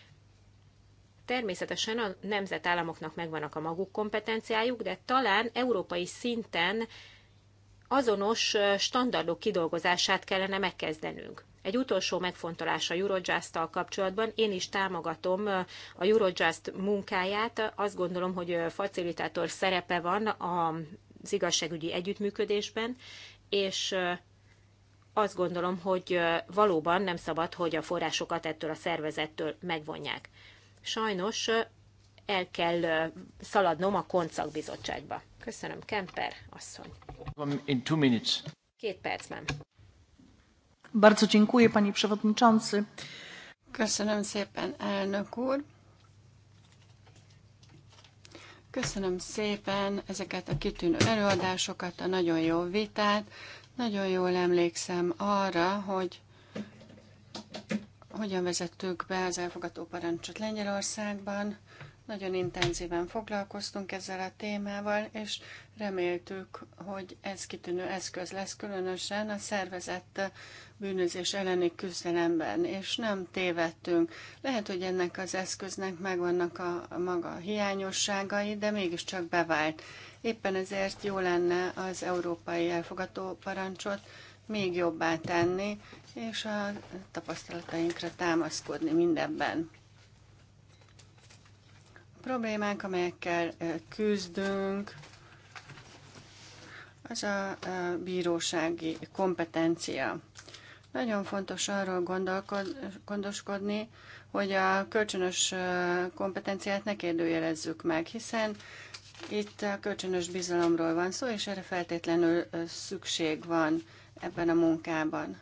Természetesen a nemzetállamoknak megvannak a maguk kompetenciájuk, de talán európai szinten azonos standardok kidolgozását kellene megkezdenünk. Egy utolsó megfontolás a Eurojust-tal kapcsolatban. Én is támogatom a Eurojust munkáját. Azt gondolom, hogy facilitátor szerepe van az igazságügyi együttműködésben, és azt gondolom, hogy valóban nem szabad, hogy a forrásokat ettől a szervezettől megvonják. Sajnos el kell szaladnom a koncakbizottságba. Köszönöm, Kemper asszony. Um, in two minutes. Két percben. Bardzo dziękuję, pani przewodniczący. Köszönöm
szépen, elnök úr. Köszönöm szépen ezeket a kitűnő előadásokat, a nagyon jó vitát. Nagyon jól emlékszem arra, hogy hogyan vezettük be az elfogadó parancsot Lengyelországban. Nagyon intenzíven foglalkoztunk ezzel a témával, és reméltük, hogy ez kitűnő eszköz lesz, különösen a szervezett bűnözés elleni küzdelemben, és nem tévedtünk. Lehet, hogy ennek az eszköznek megvannak a maga hiányosságai, de mégiscsak bevált. Éppen ezért jó lenne az európai elfogató parancsot még jobbá tenni, és a tapasztalatainkra támaszkodni mindebben problémák, amelyekkel küzdünk, az a bírósági kompetencia. Nagyon fontos arról gondoskodni, hogy a kölcsönös kompetenciát ne kérdőjelezzük meg, hiszen itt a kölcsönös bizalomról van szó, és erre feltétlenül szükség van ebben a munkában.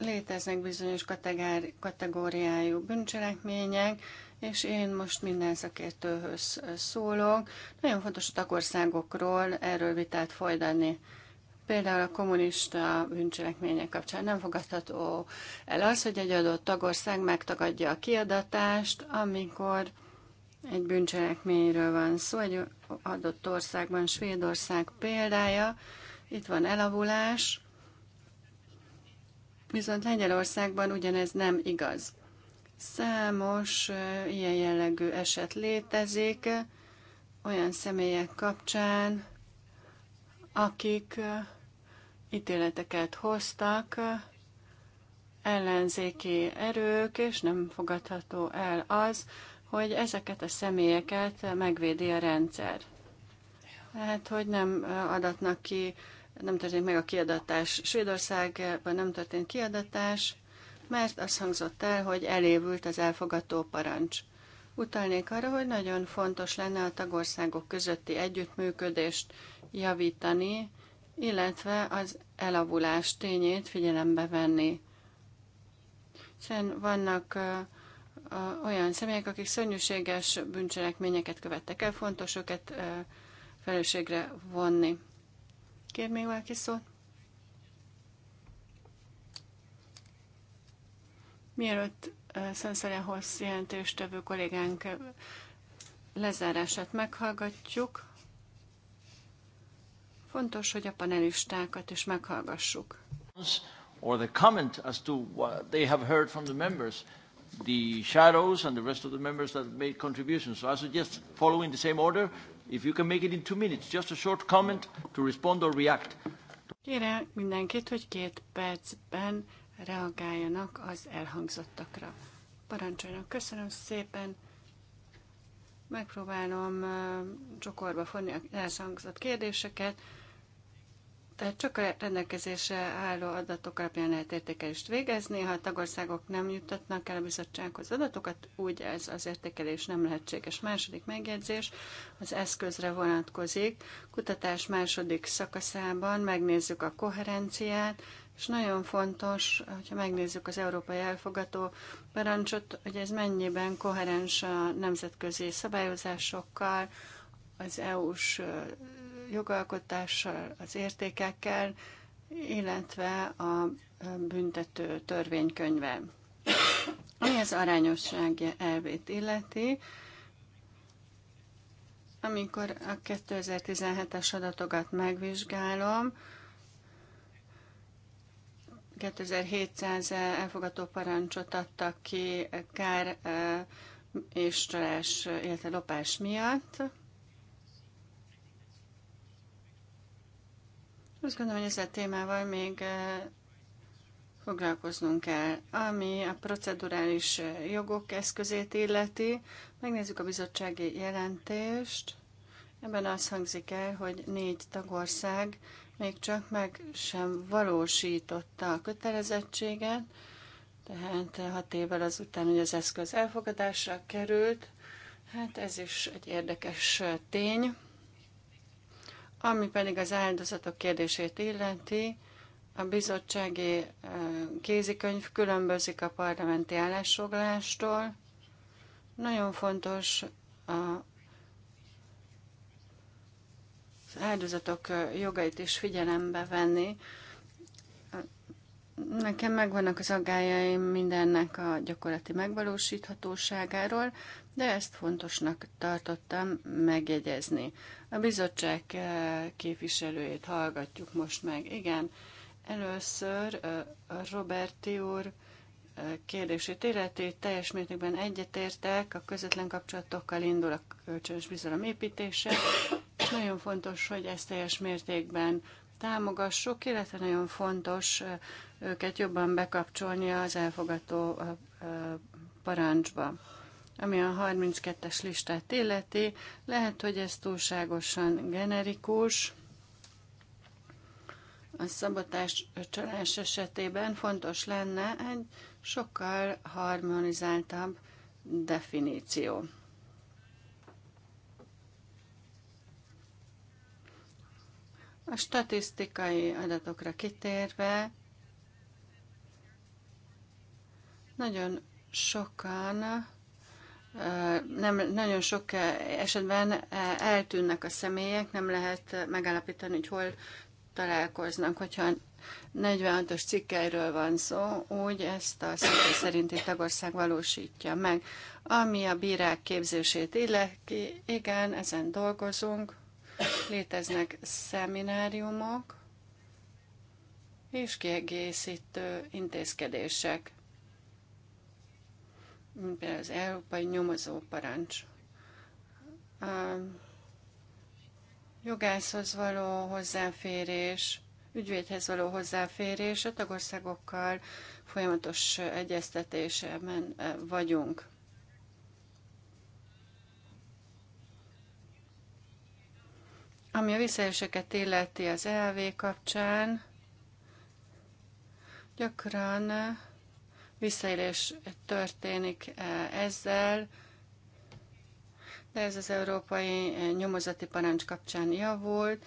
léteznek bizonyos kategóriájú bűncselekmények, és én most minden szakértőhöz szólok. Nagyon fontos a tagországokról erről vitát folytatni. Például a kommunista bűncselekmények kapcsán nem fogadható el az, hogy egy adott tagország megtagadja a kiadatást, amikor egy bűncselekményről van szó, egy adott országban, Svédország példája, itt van elavulás, Viszont Lengyelországban ugyanez nem igaz. Számos ilyen jellegű eset létezik olyan személyek kapcsán, akik ítéleteket hoztak, ellenzéki erők, és nem fogadható el az, hogy ezeket a személyeket megvédi a rendszer. Tehát, hogy nem adatnak ki nem történt meg a kiadatás. Svédországban nem történt kiadatás, mert azt hangzott el, hogy elévült az elfogadó parancs. Utalnék arra, hogy nagyon fontos lenne a tagországok közötti együttműködést javítani, illetve az elavulás tényét figyelembe venni. Hiszen vannak olyan személyek, akik szörnyűséges bűncselekményeket követtek el, fontos őket felelősségre vonni. Kér még valaki szót? Mielőtt eh, Szenszerehoz tevő kollégánk eh, lezárását meghallgatjuk, fontos, hogy a panelistákat is meghallgassuk.
Or the comment as to what they have heard from the members, the shadows and the rest of the members that made contributions. So I suggest following the same order, If you can make it in two minutes, just a short comment to respond or react.
Kérem mindenkit, hogy két percben reagáljanak az elhangzottakra. Parancsoljanak, köszönöm szépen. Megpróbálom uh, csokorba fonni az elhangzott kérdéseket tehát csak a rendelkezésre álló adatok alapján lehet értékelést végezni. Ha a tagországok nem juttatnak el a bizottsághoz adatokat, úgy ez az értékelés nem lehetséges. Második megjegyzés az eszközre vonatkozik. Kutatás második szakaszában megnézzük a koherenciát, és nagyon fontos, hogyha megnézzük az európai elfogató parancsot, hogy ez mennyiben koherens a nemzetközi szabályozásokkal, az EU-s jogalkotással, az értékekkel, illetve a büntető törvénykönyve. Ami az arányosság elvét illeti, amikor a 2017-es adatokat megvizsgálom, 2700 elfogadó parancsot adtak ki kár és csalás, illetve lopás miatt. Azt gondolom, hogy ezzel a témával még eh, foglalkoznunk kell. Ami a procedurális eh, jogok eszközét illeti, megnézzük a bizottsági jelentést. Ebben az hangzik el, hogy négy tagország még csak meg sem valósította a kötelezettséget, tehát hat évvel azután, hogy az eszköz elfogadásra került, hát ez is egy érdekes eh, tény. Ami pedig az áldozatok kérdését illeti, a bizottsági eh, kézikönyv különbözik a parlamenti állásfoglalástól. Nagyon fontos a az áldozatok eh, jogait is figyelembe venni. Nekem megvannak az aggájaim mindennek a gyakorlati megvalósíthatóságáról, de ezt fontosnak tartottam megjegyezni. A bizottság eh, képviselőjét hallgatjuk most meg. Igen, először eh, Roberti úr eh, kérdését illeti, teljes mértékben egyetértek, a közvetlen kapcsolatokkal indul a kölcsönös bizalom építése, és nagyon fontos, hogy ezt teljes mértékben támogassuk, illetve nagyon fontos őket jobban bekapcsolni az elfogadó parancsba. Ami a 32-es listát illeti, lehet, hogy ez túlságosan generikus. A szabotás csalás esetében fontos lenne egy sokkal harmonizáltabb definíció. A statisztikai adatokra kitérve nagyon sokan nem, nagyon sok esetben eltűnnek a személyek, nem lehet megállapítani, hogy hol találkoznak. Hogyha 46-os cikkeiről van szó, úgy ezt a szintén szerinti tagország valósítja meg. Ami a bírák képzését illeti, igen, ezen dolgozunk, léteznek szemináriumok és kiegészítő intézkedések például az Európai Nyomozó Parancs. A jogászhoz való hozzáférés, ügyvédhez való hozzáférés, a tagországokkal folyamatos egyeztetésben vagyunk. Ami a visszaéléseket illeti az ELV kapcsán, gyakran visszaélés történik eh, ezzel, de ez az európai eh, nyomozati parancs kapcsán javult.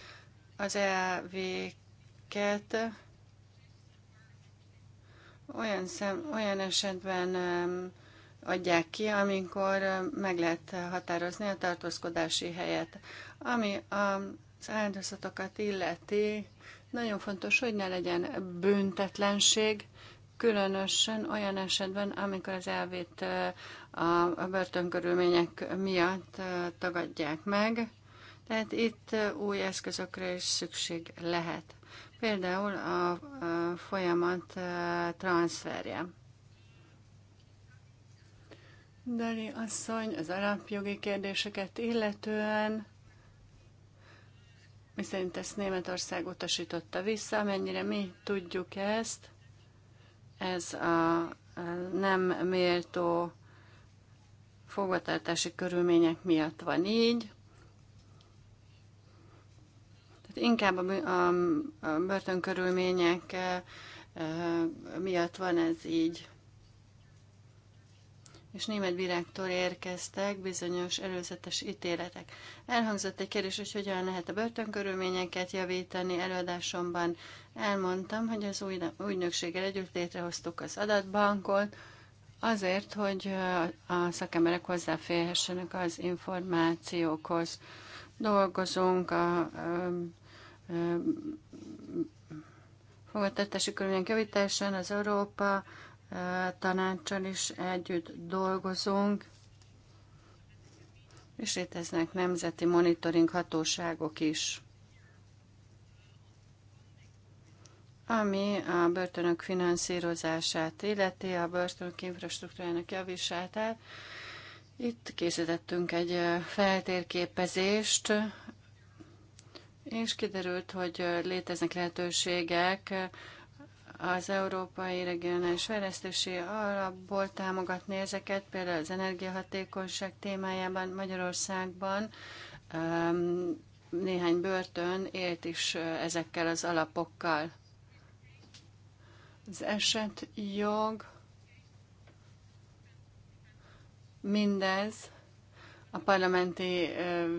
Az EAV-ket olyan, szem, olyan esetben adják ki, amikor eh, meg lehet határozni a tartózkodási helyet. Ami az áldozatokat illeti, nagyon fontos, hogy ne legyen büntetlenség, különösen olyan esetben, amikor az elvét a börtönkörülmények miatt tagadják meg, tehát itt új eszközökre is szükség lehet. Például a folyamat transferje. Dali asszony az alapjogi kérdéseket illetően miszerint ezt Németország utasította vissza, mennyire mi tudjuk ezt, ez a nem méltó fogvatartási körülmények miatt van így. Tehát inkább a börtönkörülmények eh, eh, miatt van ez így és német bíráktól érkeztek bizonyos előzetes ítéletek. Elhangzott egy kérdés, hogy hogyan lehet a börtönkörülményeket javítani előadásomban. Elmondtam, hogy az új ügynökséggel együtt létrehoztuk az adatbankot, azért, hogy a szakemberek hozzáférhessenek az információkhoz. Dolgozunk a, a, a fogadtatási körülmények javításán, az Európa tanácssal is együtt dolgozunk, és léteznek nemzeti monitoring hatóságok is. ami a börtönök finanszírozását illeti, a börtönök infrastruktúrának javítását. Itt készítettünk egy feltérképezést, és kiderült, hogy léteznek lehetőségek az Európai Regionális Fejlesztési Alapból támogatni ezeket, például az energiahatékonyság témájában Magyarországban néhány börtön élt is ezekkel az alapokkal. Az eset jog mindez a parlamenti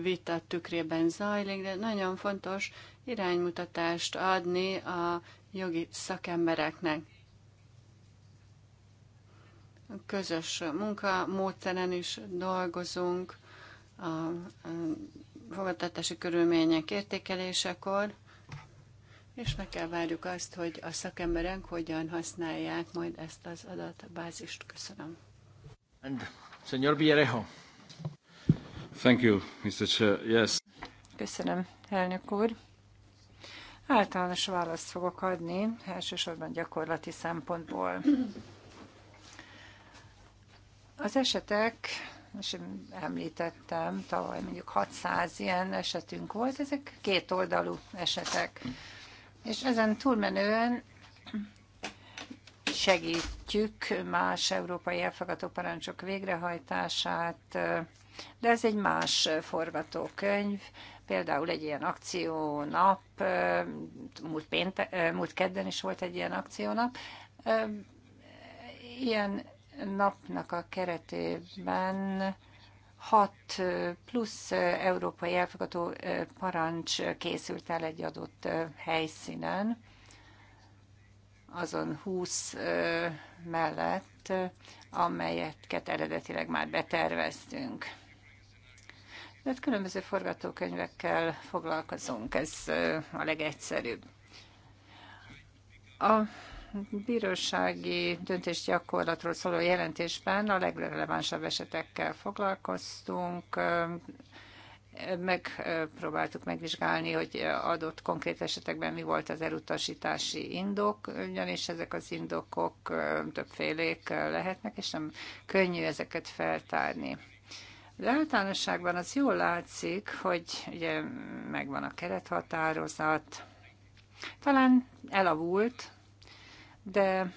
vita tükrében zajlik, de nagyon fontos iránymutatást adni a jogi szakembereknek. Közös munka is dolgozunk a fogadtatási körülmények értékelésekor, és meg kell várjuk azt, hogy a szakemberek hogyan használják majd ezt az adatbázist. Köszönöm. And,
señor Villarejo. Thank you, Mr. Chair. Yes. Köszönöm, elnök úr. Általános választ fogok adni, elsősorban gyakorlati szempontból. Az esetek, és említettem, tavaly mondjuk 600 ilyen esetünk volt, ezek kétoldalú esetek. És ezen túlmenően segít segítjük más európai elfogadó parancsok végrehajtását, de ez egy más forgatókönyv, például egy ilyen akciónap, múlt, pénte, múlt kedden is volt egy ilyen akciónap, ilyen napnak a keretében hat plusz európai elfogadó parancs készült el egy adott helyszínen, azon 20 mellett, amelyeket eredetileg már beterveztünk. Tehát különböző forgatókönyvekkel foglalkozunk, ez a legegyszerűbb. A bírósági döntésgyakorlatról szóló jelentésben a legrelevánsabb esetekkel foglalkoztunk, megpróbáltuk megvizsgálni, hogy adott konkrét esetekben mi volt az elutasítási indok, ugyanis ezek az indokok többfélék lehetnek, és nem könnyű ezeket feltárni. De általánosságban az jól látszik, hogy ugye megvan a kerethatározat, talán elavult, de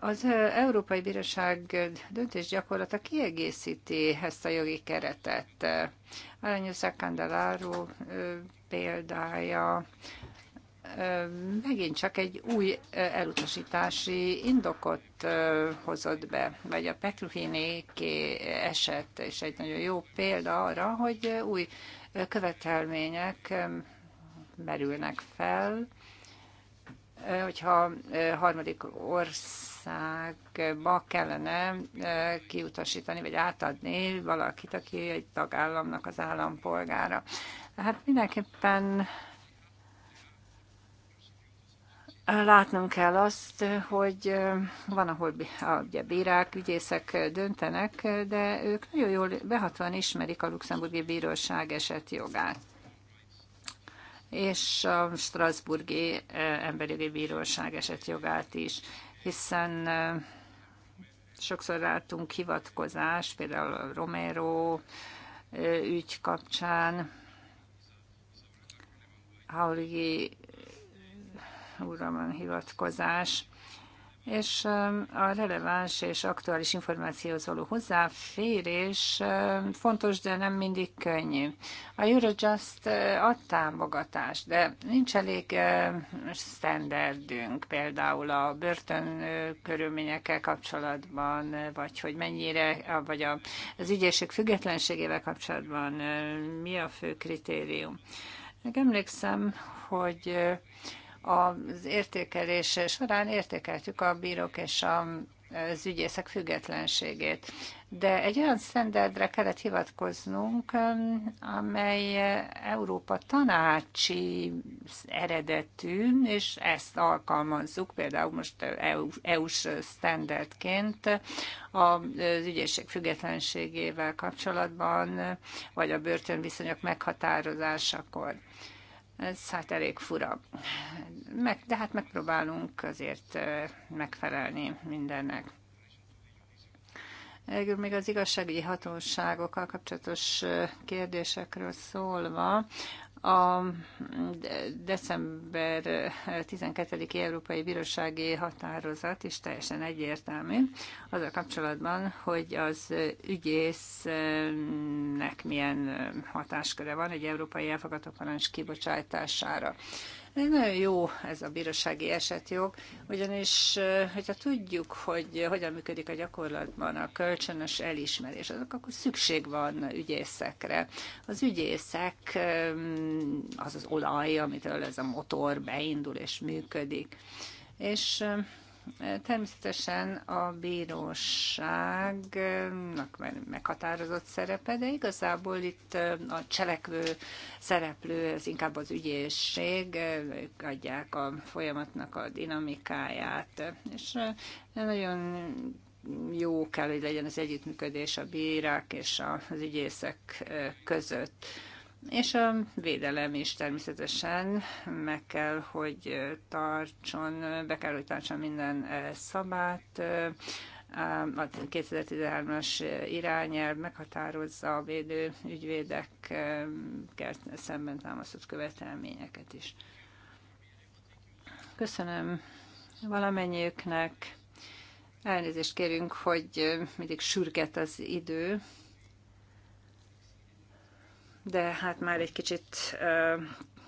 az Európai Bíróság döntésgyakorlata kiegészíti ezt a jogi keretet. Aranyosza Candelaro példája megint csak egy új elutasítási indokot hozott be, vagy a Petruhinéki eset, és egy nagyon jó példa arra, hogy új követelmények merülnek fel, hogyha harmadik országba kellene kiutasítani, vagy átadni valakit, aki egy tagállamnak az állampolgára. Hát mindenképpen Látnunk kell azt, hogy van, ahol ugye, bírák, ügyészek döntenek, de ők nagyon jól behatóan ismerik a luxemburgi bíróság esetjogát és a Strasburgi Emberjogi Bíróság esetjogát is, hiszen sokszor láttunk hivatkozás, például a Romero ügy kapcsán, Haurigi úrra van hivatkozás, és um, a releváns és aktuális információhoz való hozzáférés um, fontos, de nem mindig könnyű. A Eurojust uh, ad támogatást, de nincs elég um, standardünk, például a börtön uh, körülményekkel kapcsolatban, uh, vagy hogy mennyire, vagy az ügyészség függetlenségével kapcsolatban mi a fő kritérium. Meg emlékszem, hogy az értékelés során értékeltük a bírók és a az ügyészek függetlenségét. De egy olyan sztenderdre kellett hivatkoznunk, amely Európa tanácsi eredetű, és ezt alkalmazzuk például most EU-s e sztenderdként az ügyészség függetlenségével kapcsolatban, vagy a börtönviszonyok meghatározásakor. Ez hát elég fura. Meg, de hát megpróbálunk azért megfelelni mindennek. Egyébként még az igazságügyi hatóságokkal kapcsolatos kérdésekről szólva, a december 12-i eh, Európai Bírósági Határozat is teljesen egyértelmű Az a kapcsolatban, hogy az ügyésznek milyen eh, hatásköre van egy európai elfogadó parancs kibocsátására. Nagyon jó ez a bírósági esetjog, ugyanis, hogyha tudjuk, hogy hogyan működik a gyakorlatban a kölcsönös elismerés, azok akkor szükség van ügyészekre. Az ügyészek az az olaj, amitől ez a motor beindul és működik. És Természetesen a bíróságnak meghatározott szerepe, de igazából itt a cselekvő szereplő, ez inkább az ügyészség, ők adják a folyamatnak a dinamikáját, és nagyon jó kell, hogy legyen az együttműködés a bírák és az ügyészek között. És a védelem is természetesen meg kell, hogy tartson, be kell, hogy tartson minden eh, szabát. Eh, a 2013-as irányelv meghatározza a védő ügyvédekkel szemben támasztott követelményeket is. Köszönöm valamennyiüknek. Elnézést kérünk, hogy eh, mindig sürget az idő de hát már egy kicsit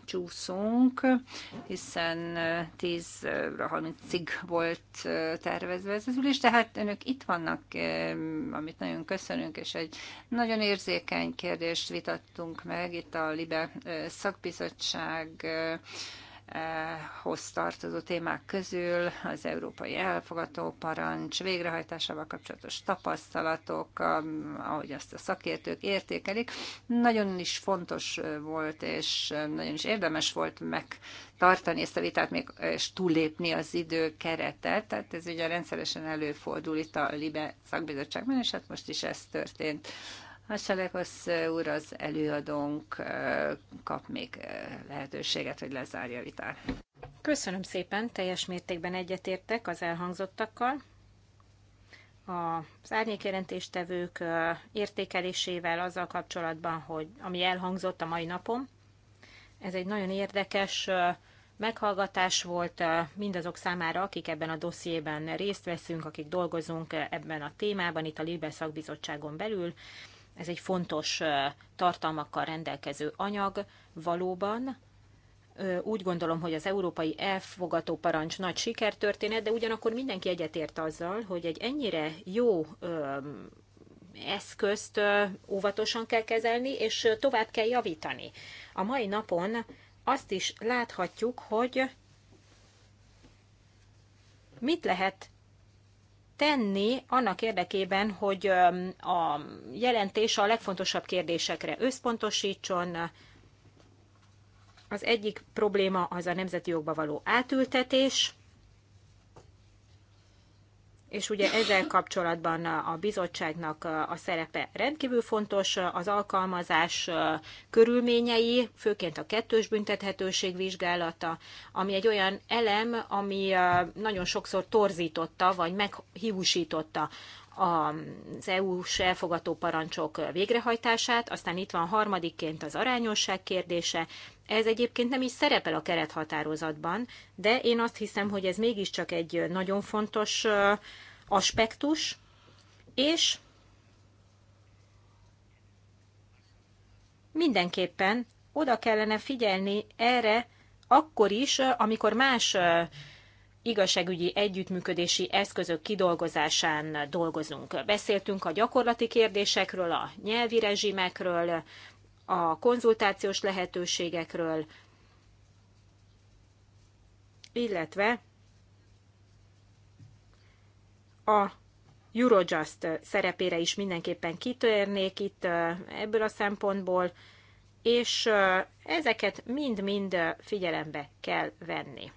csúszunk, hiszen 10 30-ig volt tervezve ez az ülés, tehát önök itt vannak, amit nagyon köszönünk, és egy nagyon érzékeny kérdést vitattunk meg itt a LIBE szakbizottság hoz tartozó témák közül az európai elfogató parancs, végrehajtásával kapcsolatos tapasztalatok, um, ahogy azt a szakértők értékelik, nagyon is fontos volt, és nagyon is érdemes volt megtartani ezt a vitát, még, és túllépni az idő keretet, tehát ez ugye rendszeresen előfordul itt a LIBE szakbizottságban, és hát most is ez történt. Hasselekos úr az előadónk
kap még lehetőséget, hogy lezárja a vitát. Köszönöm szépen, teljes mértékben egyetértek az elhangzottakkal. Az árnyékjelentéstevők értékelésével azzal kapcsolatban, hogy ami elhangzott a mai napon, ez egy nagyon érdekes meghallgatás volt mindazok számára, akik ebben a dossziében részt veszünk, akik dolgozunk ebben a témában, itt a Libe szakbizottságon belül. Ez egy fontos tartalmakkal rendelkező anyag valóban. Úgy gondolom, hogy az európai elfogató parancs nagy sikertörténet, de ugyanakkor mindenki egyetért azzal, hogy egy ennyire jó eszközt óvatosan kell kezelni, és tovább kell javítani. A mai napon azt is láthatjuk, hogy mit lehet tenni annak érdekében, hogy a jelentés a legfontosabb kérdésekre összpontosítson. Az egyik probléma az a nemzeti jogba való átültetés, és ugye ezzel kapcsolatban a bizottságnak a szerepe rendkívül fontos, az alkalmazás körülményei, főként a kettős büntethetőség vizsgálata, ami egy olyan elem, ami nagyon sokszor torzította, vagy meghiúsította az EU-s elfogató parancsok végrehajtását, aztán itt van harmadikként az arányosság kérdése, ez egyébként nem is szerepel a kerethatározatban, de én azt hiszem, hogy ez mégiscsak egy nagyon fontos aspektus, és mindenképpen oda kellene figyelni erre akkor is, amikor más igazságügyi együttműködési eszközök kidolgozásán dolgozunk. Beszéltünk a gyakorlati kérdésekről, a nyelvi rezsimekről, a konzultációs lehetőségekről, illetve a Eurojust szerepére is mindenképpen kitérnék itt ebből a szempontból, és ezeket mind-mind figyelembe kell venni.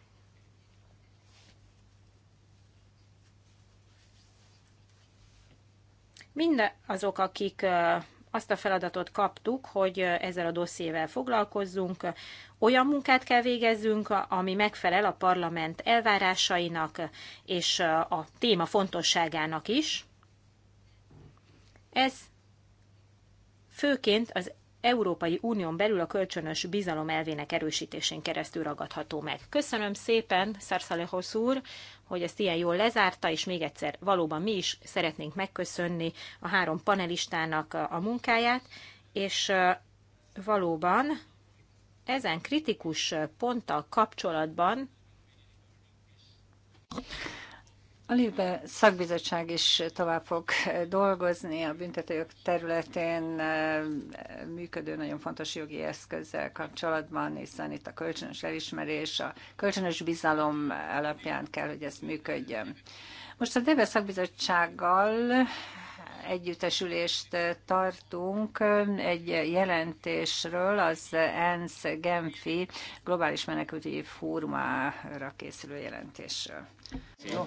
Mind azok, akik azt a feladatot kaptuk, hogy ezzel a dossziével foglalkozzunk, olyan munkát kell végezzünk, ami megfelel a parlament elvárásainak és a téma fontosságának is. Ez főként az Európai Unión belül a kölcsönös bizalom elvének erősítésén keresztül ragadható meg. Köszönöm szépen, Szarszalehosz úr, hogy ezt ilyen jól lezárta, és még egyszer valóban mi is szeretnénk megköszönni a három panelistának a munkáját, és valóban ezen kritikus ponttal kapcsolatban
a Lébe szakbizottság is tovább fog dolgozni a büntetőjog területén működő nagyon fontos jogi eszközzel kapcsolatban, hiszen itt a kölcsönös elismerés, a kölcsönös bizalom alapján kell, hogy ez működjön. Most a Lébe szakbizottsággal együttesülést eh, tartunk eh, egy jelentésről az ENSZ Genfi Globális Menekültügyi Fórumára készülő jelentésről. Jó.